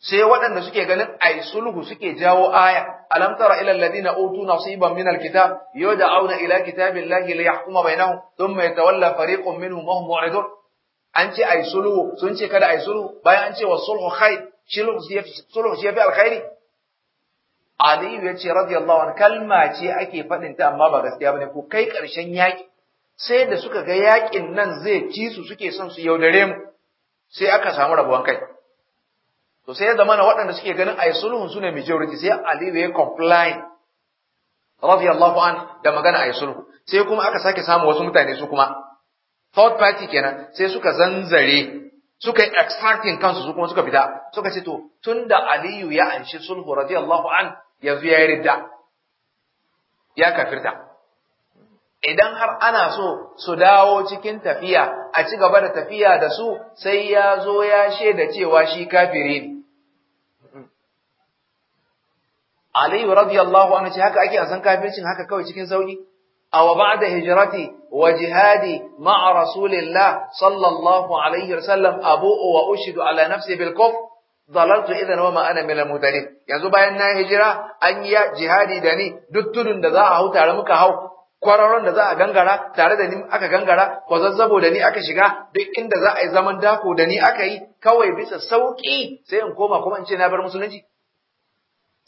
sai waɗanda suke ganin ai sulhu suke jawo aya alam tara ila alladhina utu nasiban min alkitab yud'auna ila kitabillahi liyahkuma bainahum thumma yatawalla fariqun minhum wa hum mu'ridun an ce ai sulhu sun ce kada ai sulhu bayan an ce wa sulhu khair sulhu shi fi alkhairi Aliyu ya ce radiyallahu anhu kalma ce ake faɗin ta amma ba gaskiya bane ko kai ƙarshen yaƙi sai da suka ga yaƙin nan zai ci su suke son su yaudare mu sai aka samu rabuwan kai to sai ya zamana waɗanda suke ganin a yi sulhun su ne majority sai aliyu ya comply radiyallahu an da magana a yi sulhu sai kuma aka sake samu wasu mutane su kuma third party kenan sai suka zanzare suka yi extracting kansu su kuma suka fita suka ce to tun da aliyu ya anshi sulhu radiyallahu an yanzu ya yi ridda ya kafirta idan har ana so su dawo cikin tafiya a ci gaba da tafiya da su sai ya zo ya shaida cewa shi kafiri Aliyu radiyallahu anhu ce haka ake a san kafircin haka kawai cikin sauki aw ba'da hijrati wa jihadi ma'a rasulillah sallallahu alaihi abu wa ushidu ala nafsi bil kuf dalaltu idan wa ma ana min al yanzu bayan na hijira an yi jihadi da ni duk tudun da za a hau tare muka hau kwararon da za a gangara tare da ni aka gangara kwazazzabo da ni aka shiga duk inda za a yi zaman dako da ni aka yi kawai bisa sauki sai in koma kuma in ce na bar musulunci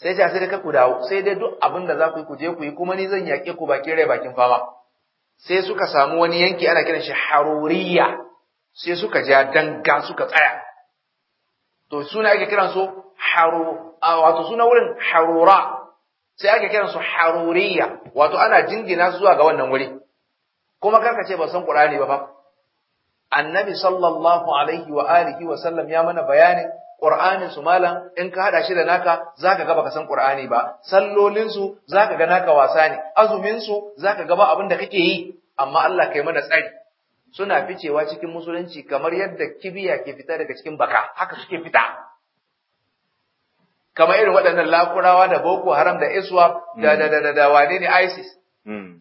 sai ce sai dai ku dawo sai dai duk abin da za ku yi ku je ku yi kuma ni zan yaƙe ku bakin rai bakin fama sai suka samu wani yanki ana kiran shi haruriya sai suka ja danga suka tsaya to suna ake kiran su haru wato suna wurin harura sai ake kiran su haruriya wato ana jingina zuwa ga wannan wuri kuma karka ce ba san qur'ani ba fa annabi sallallahu alaihi wa alihi wa sallam ya mana bayanin Qur'anin su malam in ka haɗa shi da naka zaka ga ka san Ƙur'ani ba Sallolinsu su zaka ga naka wasa ne Azuminsu su zaka ga ba abin da kake yi amma Allah kai mana tsari suna ficewa cikin musulunci kamar yadda kibiya ke fita daga cikin baka haka suke fita kamar irin waɗannan lakurawa da Boko Haram da iswa. da da da da wane ne ISIS hmm.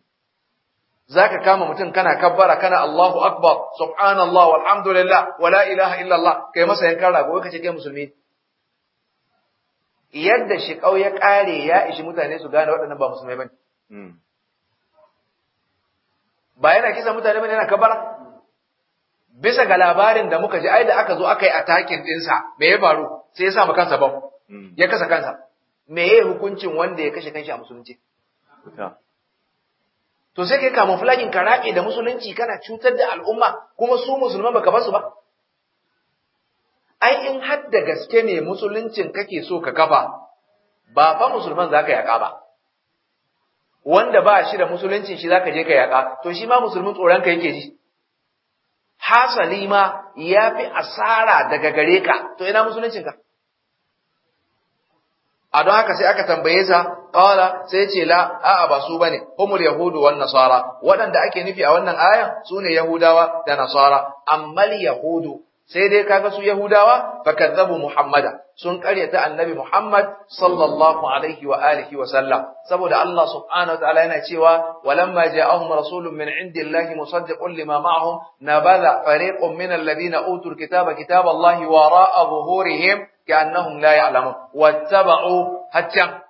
zaka kama mutum kana kabbara kana Allahu akbar subhanallah walhamdulillah wala ilaha illallah kai masa yankan rago kace kai musulmi yadda shi ya kare ya ishi mutane su gane waɗannan ba musulmai bane hmm. ba yana kisa mutane bane yana kabbara bisa ga labarin da muka ji ai da aka zo aka yi attacking ɗinsa. me ya faru sai ya sa kansa ba. Hmm. ya kasa kansa me ya hukuncin wanda ya kashe kanshi a musulunci to sai kai kamun ka rabe da musulunci kana cutar da al'umma kuma su musulman baka basu ba ai in har da gaske ne musuluncin kake so ka kafa ba fa musulman zaka yaka ba wanda ba shi da musuluncin shi zaka je ka yaka to shi ma musulmin tsoron ka yake ji hasali ma yafi asara daga gare ka to ina musuluncin ka a don haka sai aka tambaye sa qala sai ce la a'a ba su bane humul yahudu wan nasara waɗanda ake nufi a wannan ayan sune yahudawa da nasara ammal yahudu sai dai kaga su yahudawa fakazzabu muhammada sun ta annabi muhammad sallallahu alaihi wa alihi wa sallam saboda Allah subhanahu wa ta'ala yana cewa walamma ja'ahum rasulun min indillahi musaddiqun lima ma'ahum nabadha fariqun min alladhina utul kitaba kitaballahi wara'a zuhurihim annahum la ya'lamun wattaba'u haccan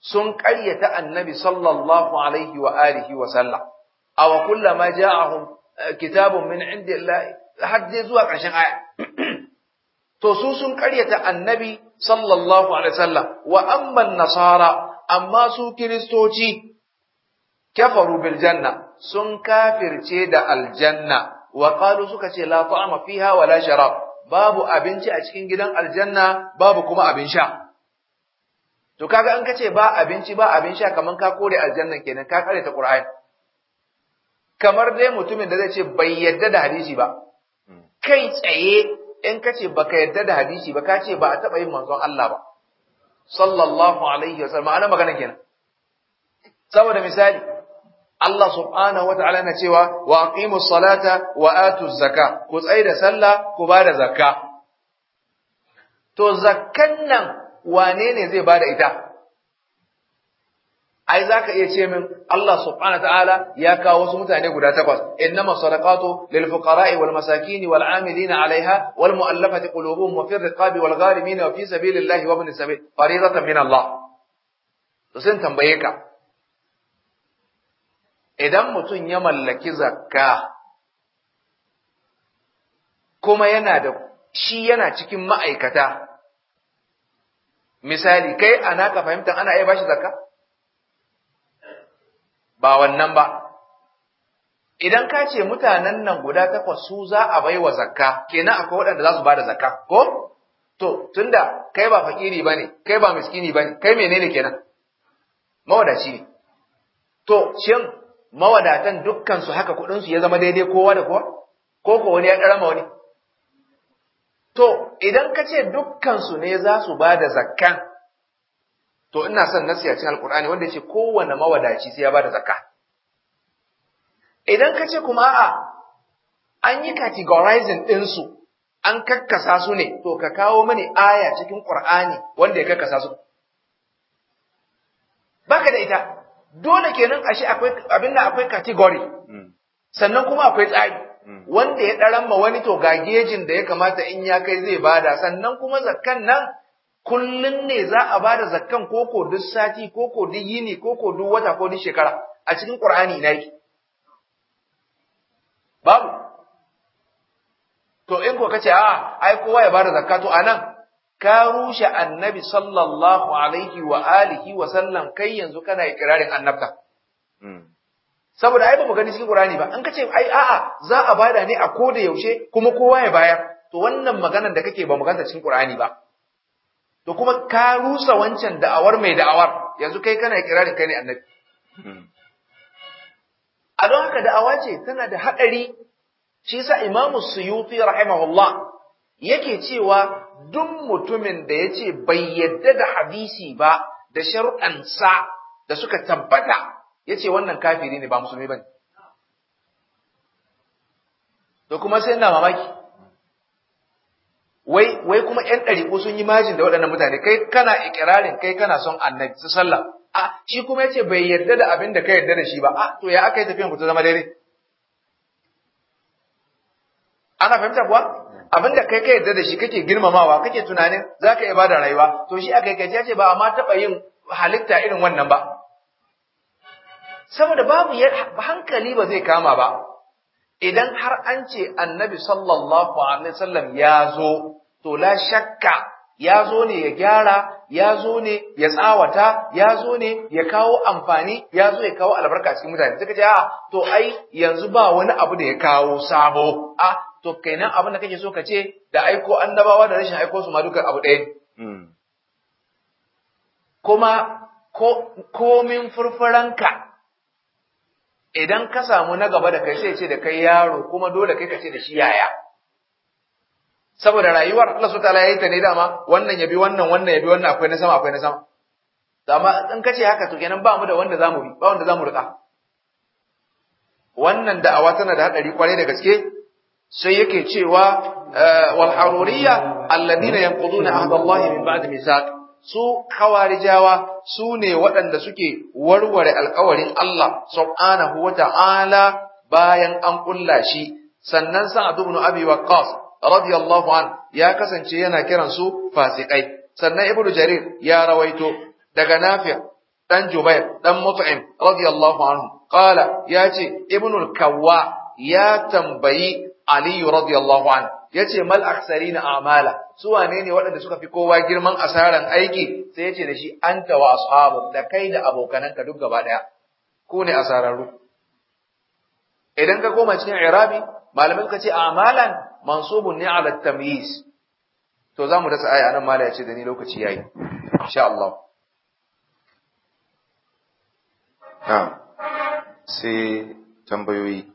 sun ƙaryata annabi sallallahu alaihi wa alihi wa sallam aw kullama ja'ahum eh, kitabun min indillahi har dai zuwa ƙarshen aya to su sun ƙaryata annabi sallallahu alaihi wasallam wa amman nasara amma su kiristoci kafaru bil janna sun kafirce da aljanna wa qalu suka ce la ta'ama fiha sharab babu abinci a cikin gidan aljanna babu kuma abin sha to kaga in kace ba abinci ba abin sha kaman ka kore aljanna kenan ka kare ta qur'ani kamar dai mutumin da zai ce bai yadda da hadisi ba hmm. kai tsaye in kace baka yadda da hadisi ba ka ce ba a taba yin manzon Allah ba sallallahu alaihi wasallam ana magana kenan saboda misali Allah subhanahu wata'ala na cewa wa aqimus salata wa atuz ku tsai da sallah ku bada zakka to zakkan nan wane ne zai bada ita ai zaka iya ce min Allah subhanahu wata'ala ya kawo wasu mutane guda takwas innama sadaqatu lil fuqara'i wal masakin wal 'amilina alaiha wal mu'allafati qulubuhum wa fir riqabi wal gharimin wa fi sabilillahi wa ibn sabil fariidatan min Allah to sun tambaye ka idan mutum ya mallaki zakka kuma yana da shi yana cikin ma'aikata misali kai ana ka fahimta ana iya bashi zakka ba wannan ba idan ka ce mutanen nan guda takwas su za a baiwa zakka kenan akwai waɗanda za su ba da zakka ko to tunda kai ba fakiri ne? kai ba miskini ne? kai menene kenan mawadaci ne to shin mawadatan dukkan su haka kudin su ya zama daidai kowa da kowa ko ko wani ya karama wani to idan ka ce dukkan su ne za su bada zakka to ina son nasiya cikin alkur'ani wanda yace kowanne mawadaci sai ya bada zakka idan ka ce kuma a an yi categorizing din su an kakkasa su ne to ka kawo mani aya cikin qur'ani wanda ya kakkasa su baka da ita dole kenan ashe akwai abin da akwai category hmm. sannan kuma akwai tsari hmm. wanda ya ɗaran ma wani to gagejin da ya kamata in ya kai zai bada sannan kuma zakkan nan kullun ne za a bada zakkan koko duk sati koko duk yini koko duk wata ko duk shekara a cikin Qur'ani na yake babu to in ko kace a ah, ai kowa ya bada zakka to anan ka rushe annabi sallallahu alaihi wa alihi wa sallam kai yanzu kana ikirarin annabta hmm. saboda ai ba mu gani cikin Qur'ani ba an kace ai a'a za a bada ne a koda yaushe kuma kowa ya bayar to wannan maganar da kake ba mu ganta cikin Qur'ani ba to kuma ka rusa wancan da'awar mai da'awar yanzu kai kana ikirarin kai ne annabi hmm. a don haka da'awa ce tana da haɗari shi sa Imam Suyuti rahimahullah yake cewa duk mutumin da ya ce bai yadda da hadisi ba da sa da suka tabbata ya ce wannan kafiri ne ba musulmi ba ne. To kuma sai na mamaki. Wai, wai kuma ‘yan ɗariƙo sun yi majin da waɗannan mutane, kai kana ikirarin kai kana son annabi su sallah. A, shi kuma ya ce bai yarda da abin da ka yarda da shi ba, a, to ya aka yi tafiyan ku ta zama daidai. Ana fahimta kuwa? abinda kai ka yarda da shi kake girmamawa kake tunanin za ka iya bada rayuwa to shi aka kai kai ce ba a ma taɓa yin halitta irin wannan ba saboda babu hankali ba zai kama ba idan har an ce annabi sallallahu alaihi wasallam ya zo to la shakka ya zo ne ya gyara ya zo ne ya tsawata ya zo ne ya kawo amfani ya zo ya kawo albarka cikin mutane suka ce a to ai yanzu ba wani abu da ya kawo sabo a to kenan abin da kake so ka ce da aiko annabawa da rashin aiko su ma duka abu ɗaya hmm. kuma ko komin furfuranka idan ka samu na gaba da kai sai ce da kai yaro kuma dole kai ka ce da shi yaya saboda rayuwar Allah Ta'ala ya yi ta ne dama wannan ya bi wannan wannan ya bi wannan akwai na sama akwai na sama Dama in ka ce haka to kenan ba mu da wanda mu bi ba wanda mu rika wannan da'awa tana da hadari kwarai da gaske sai yake cewa eh, wal haruriyya alladina yanquduna ahdallahi min ba'di misaq su khawarijawa su ne waɗanda suke warware alkawarin Allah subhanahu wa ta'ala bayan an kulla shi sannan sa'ad ibn abi waqqas radiyallahu an ya kasance yana kiran su fasikai sannan ibnu jarir ya rawaito daga nafi' dan jubair dan mut'im radiyallahu anhu qala ya ce ibnu al ya tambayi Ali radiyallahu an yace mal aksarina amala su wane ne waɗanda suka fi kowa girman asaran aiki sai yace da shi anta wa ashabu da kai da abokananka duk gaba daya ku ne asararru idan ka koma cikin irabi malamai suka ce amalan mansubun ne ala tamyiz to zamu dasa aya nan mala yace da ni lokaci yayi insha Allah ha sai tambayoyi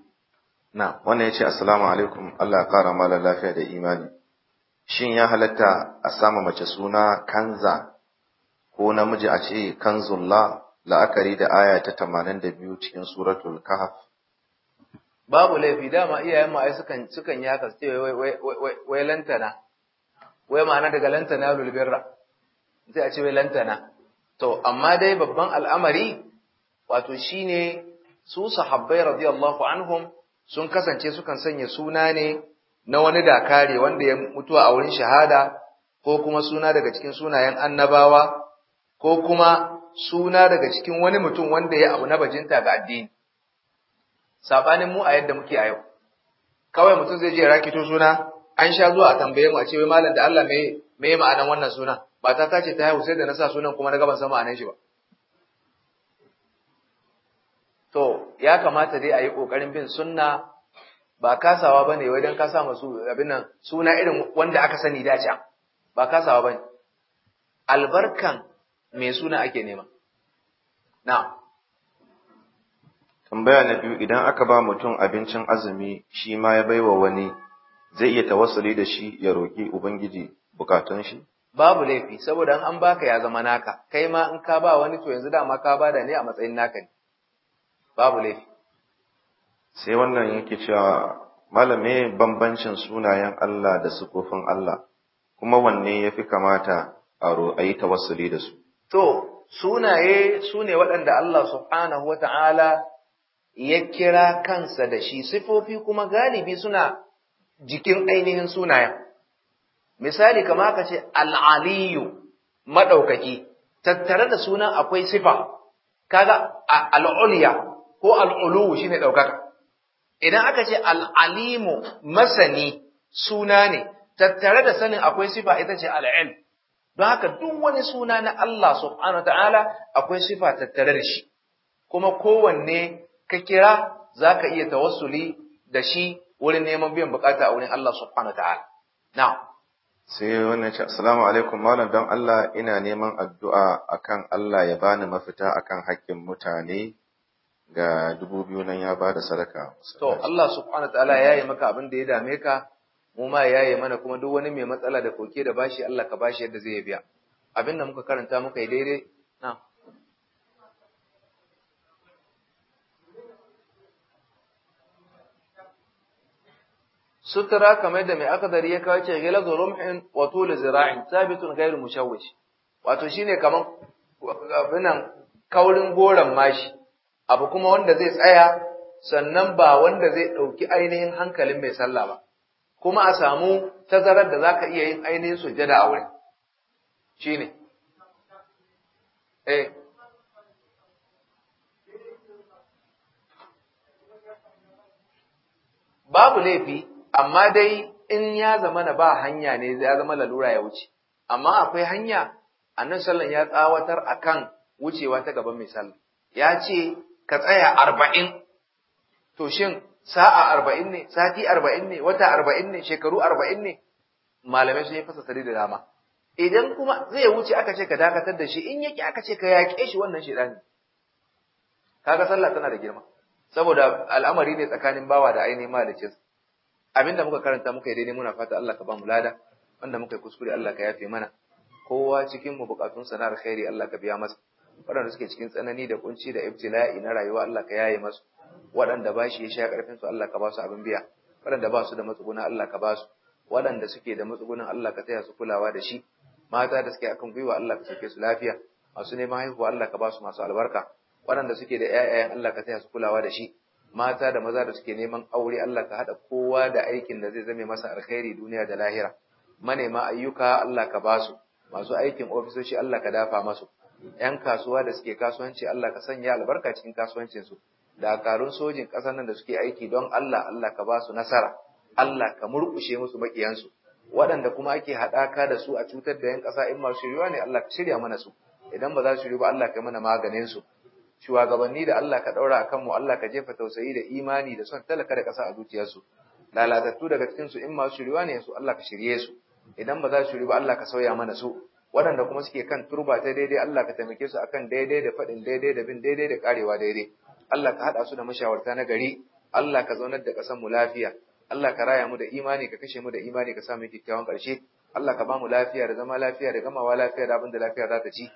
na wannan ya ce assalamu alaikum Allah kara mala lafiya da imani shin ya halatta a sama mace suna kanza ko namiji a ce kanzullah la'akari da aya ta tamanin da biyu cikin suratul kahf babu laifi dama iyayen ma'ai sukan sukan yi haka su wai lantana wai ma'ana daga lantana lulbirra sai a ce wai lantana to amma dai babban al'amari wato shine su sahabbai radiyallahu anhum sun kasance sukan sanya suna ne na wani dakare wanda ya mutu a wurin shahada ko kuma suna daga cikin sunayen annabawa ko kuma suna daga cikin wani mutum wanda ya abu na bajinta ga addini sabanin mu a yadda muke a yau kawai mutum zai je rakito suna an sha zuwa a tambaye mu a ce wai malam da Allah me me ma'anan wannan suna ba ta tace ta haihu sai da na sa sunan kuma na gaban sama a nan shi ba to ya kamata dai a yi ƙoƙarin bin sunna ba kasawa ba ne wajen kasa masu abin nan suna irin wanda aka sani da can ba kasawa ba ne albarkan mai suna ake nema na tambaya na biyu idan aka ba mutum abincin azumi shi ma ya baiwa wani zai iya tawassuli da shi ya roƙi ubangiji bukatun shi babu laifi saboda an baka ya zama naka kai ma in ka ba wani to yanzu dama ka bada ne a matsayin naka ne babu laifi sai wannan yake cewa malame bambancin sunayen Allah da sufofin Allah kuma wanne ya fi kamata a yi tawassuli da su to sunaye sune waɗanda Allah subhanahu wa ta'ala ya kira kansa da shi sifofi kuma galibi suna jikin ainihin sunayen misali kama ka ce al'aliyu maɗaukaki tattare da sunan akwai sifa kaga al'uliya ko al'ulu ne ɗaukaka. Idan aka ce al'alimu masani suna ne, tattare da sanin akwai sifa ita ce al'ilm. Don haka duk wani suna na Allah subhanahu ta'ala akwai sifa tattare da shi, kuma kowanne ka kira za ka iya tawassuli da shi wurin neman biyan bukata a wurin Allah subhanahu ta'ala. Na'am. sai wani ce assalamu alaikum malam don Allah ina neman addu'a akan Allah ya bani mafita akan haƙƙin mutane ga dubu biyu nan ya bada sadaka to Allah subhanahu wataala ya yi maka abin da ya dame ka mu ma ya yi mana kuma duk wani mai matsala da koke da bashi Allah ka bashi yadda zai biya abin da muka karanta muka yi daidai na sutura kamar da mai akadari ya kawo ce gila zulumhin wa tul zira'in sabitun ghairu mushawwish wato shine kaman abinan kaurin goran mashi abu kuma wanda zai tsaya sannan ba wanda zai ɗauki ainihin hankalin mai sallah ba kuma a samu tazarar da za ka iya yin ainihin sujjada a wurin eh babu laifi amma dai in ya zama na ba hanya ne ya zama lalura ya wuce amma akwai hanya Annan sallan ya tsawatar akan wucewa ta gaban mai sallah ya ce ka tsaya arba'in to shin sa'a arba'in ne sati arba'in ne wata arba'in ne shekaru arba'in ne malamai sun yi fasasari da dama idan kuma zai wuce aka ce ka dakatar da shi in yake aka ce ka yaƙe shi wannan shi ɗani kaga sallah tana da girma saboda al'amari ne tsakanin bawa da ainihin malikin abinda muka karanta muka yi daidai muna fata Allah ka ba lada wanda muka yi kuskure Allah ka yafe mana kowa cikin mu bukatun sana'ar khairi Allah ka biya masa waɗanda suke cikin tsanani da kunci da ibtila'i na rayuwa Allah ka yaye masu waɗanda ba shi ya sha ƙarfin su Allah ka ba su abin biya waɗanda ba su da matsuguna Allah ka ba su waɗanda suke da matsugunan Allah ka taya su kulawa da shi mata da suke akan gwiwa Allah ka sauke su lafiya masu neman haihuwa Allah ka ba su masu albarka waɗanda suke da ƴaƴayen Allah ka taya su kulawa da shi mata da maza da suke neman aure Allah ka haɗa kowa da aikin da zai zame masa alkhairi duniya da lahira manema ayyuka Allah ka basu masu aikin ofisoshi Allah ka dafa masu 'yan kasuwa da suke kasuwanci Allah ka sanya albarka cikin kasuwancinsu dakarun sojin ƙasar nan da suke aiki don Allah Allah ka ba su nasara Allah ka murƙushe musu maƙiyansu waɗanda kuma ake haɗaka da su a cutar da 'yan ƙasa in masu shiriwa ne Allah ka shirya mana su idan ba za su shirya ba Allah ka mana maganin su shugabanni da Allah ka ɗaura a kanmu Allah ka jefa tausayi da imani da son talaka da ƙasa a zuciyarsu lalatattu daga cikinsu in masu shiriwa ne su Allah ka shirye su idan ba za su shirya ba Allah ka sauya mana su waɗanda kuma suke kan turba ta daidai Allah ka taimake su akan daidai da faɗin daidai da bin daidai da karewa daidai Allah ka haɗa su da mashawarta na gari Allah ka zaunar da ƙasar mu lafiya Allah ka raya mu da imani ka kashe mu da imani ka sa samu kyakkyawan ƙarshe Allah ka ba mu lafiya da zama lafiya da gamawa lafiya da abin da lafiya za ta ci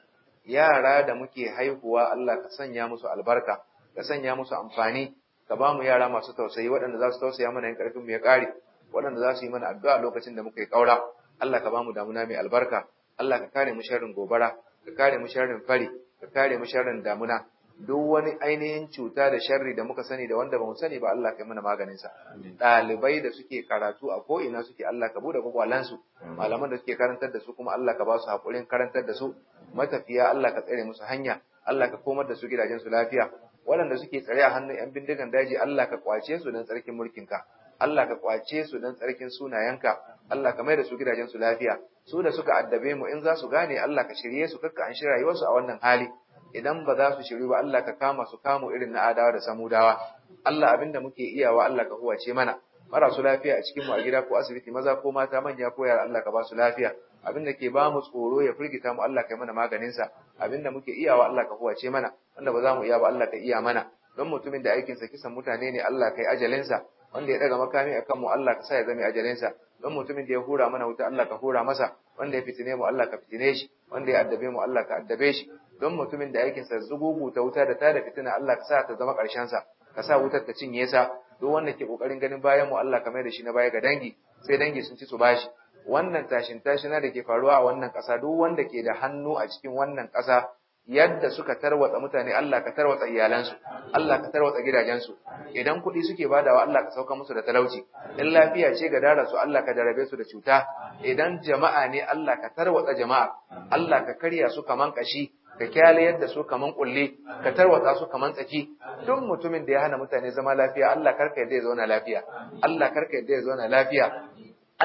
yara da muke haihuwa Allah ka sanya musu albarka ka sanya musu amfani ka ba mu yara masu tausayi waɗanda za su tausaya mana yin ƙarfin mu ya ƙare waɗanda za su yi mana addu'a lokacin da muka yi ƙaura Allah ka ba mu damuna mai albarka Allah ka kare mu sharrin gobara ka kare mu sharrin fari ka kare mu sharrin damuna duk wani ainihin cuta da sharri da muka sani da wanda ba mu sani ba Allah kai mana maganin sa dalibai da suke karatu a ko ina suke Allah ka bude kwakwalan su malaman da suke karantar da su kuma Allah ka ba su hakurin karantar da su matafiya Allah ka tsare musu hanya Allah ka komar da su gidajen su lafiya waɗanda suke tsare a hannun yan bindigan daji Allah ka kwace su don tsarkin mulkinka Allah ka kwace su don tsarkin sunayenka Allah ka mai da su gidajen su lafiya su da suka addabe mu in za su gane Allah ka shirye su kakka an shirya rayuwarsu a wannan hali idan ba za su shiru, ba Allah ka kama su kamo irin na adawa da samudawa Allah abinda muke iyawa Allah ka huwace mana marasu lafiya a cikin mu a gida ko asibiti maza ko mata manya ko yara Allah ka ba su lafiya abinda ke ba mu tsoro ya firgita mu Allah kai mana maganin sa abinda muke iyawa Allah ka huwace mana wanda ba za mu iya ba Allah ka iya mana don mutumin da aikinsa kisan mutane ne Allah kai ajalinsa wanda ya daga makami akan mu Allah ka sa ya zame ajalinsa don mutumin da ya hura mana wuta Allah ka hura masa wanda ya fitine mu Allah ka fitine shi wanda ya addabe mu Allah ka addabe shi don mutumin da aikin sa zugugu ta wuta da ta da fitina Allah ka sa ta zama karshen sa ka sa wutar ta cinye sa duk wanda ke kokarin ganin bayan mu Allah ka mai da shi na baya ga dangi sai dangi sun ci su bashi wannan tashin tashina da ke faruwa a wannan kasa duk wanda ke da hannu a cikin wannan kasa yadda suka tarwatsa mutane Allah ka tarwatsa iyalansu Allah ka tarwatsa gidajensu idan kuɗi suke badawa Allah ka sauka musu da talauci in lafiya ce ga dara su Allah ka darabe su da cuta idan jama'a ne Allah ka tarwatsa jama'a Allah ka karya su kaman kashi ka kyale yadda su kaman kulle ka tarwatsa su kaman tsaki duk mutumin da ya hana mutane zama lafiya Allah karka yadda ya zauna lafiya Allah karka yadda ya zauna lafiya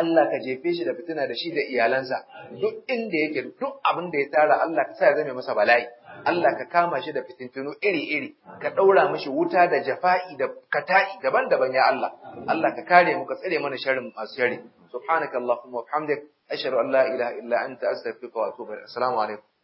Allah ka jefe shi da fitina da shi da iyalansa duk inda yake duk abin da ya tara Allah ka sa ya zame masa bala'i Allah ka kama shi da fitintunu iri-iri ka ɗaura mishi wuta da jafa'i da kata'i daban-daban ya Allah Allah ka kare mu ka tsare mana sharrin masu sharri subhanakallahumma wa bihamdik ashhadu an la ilaha illa anta astaghfiruka wa atubu ilaik assalamu alaikum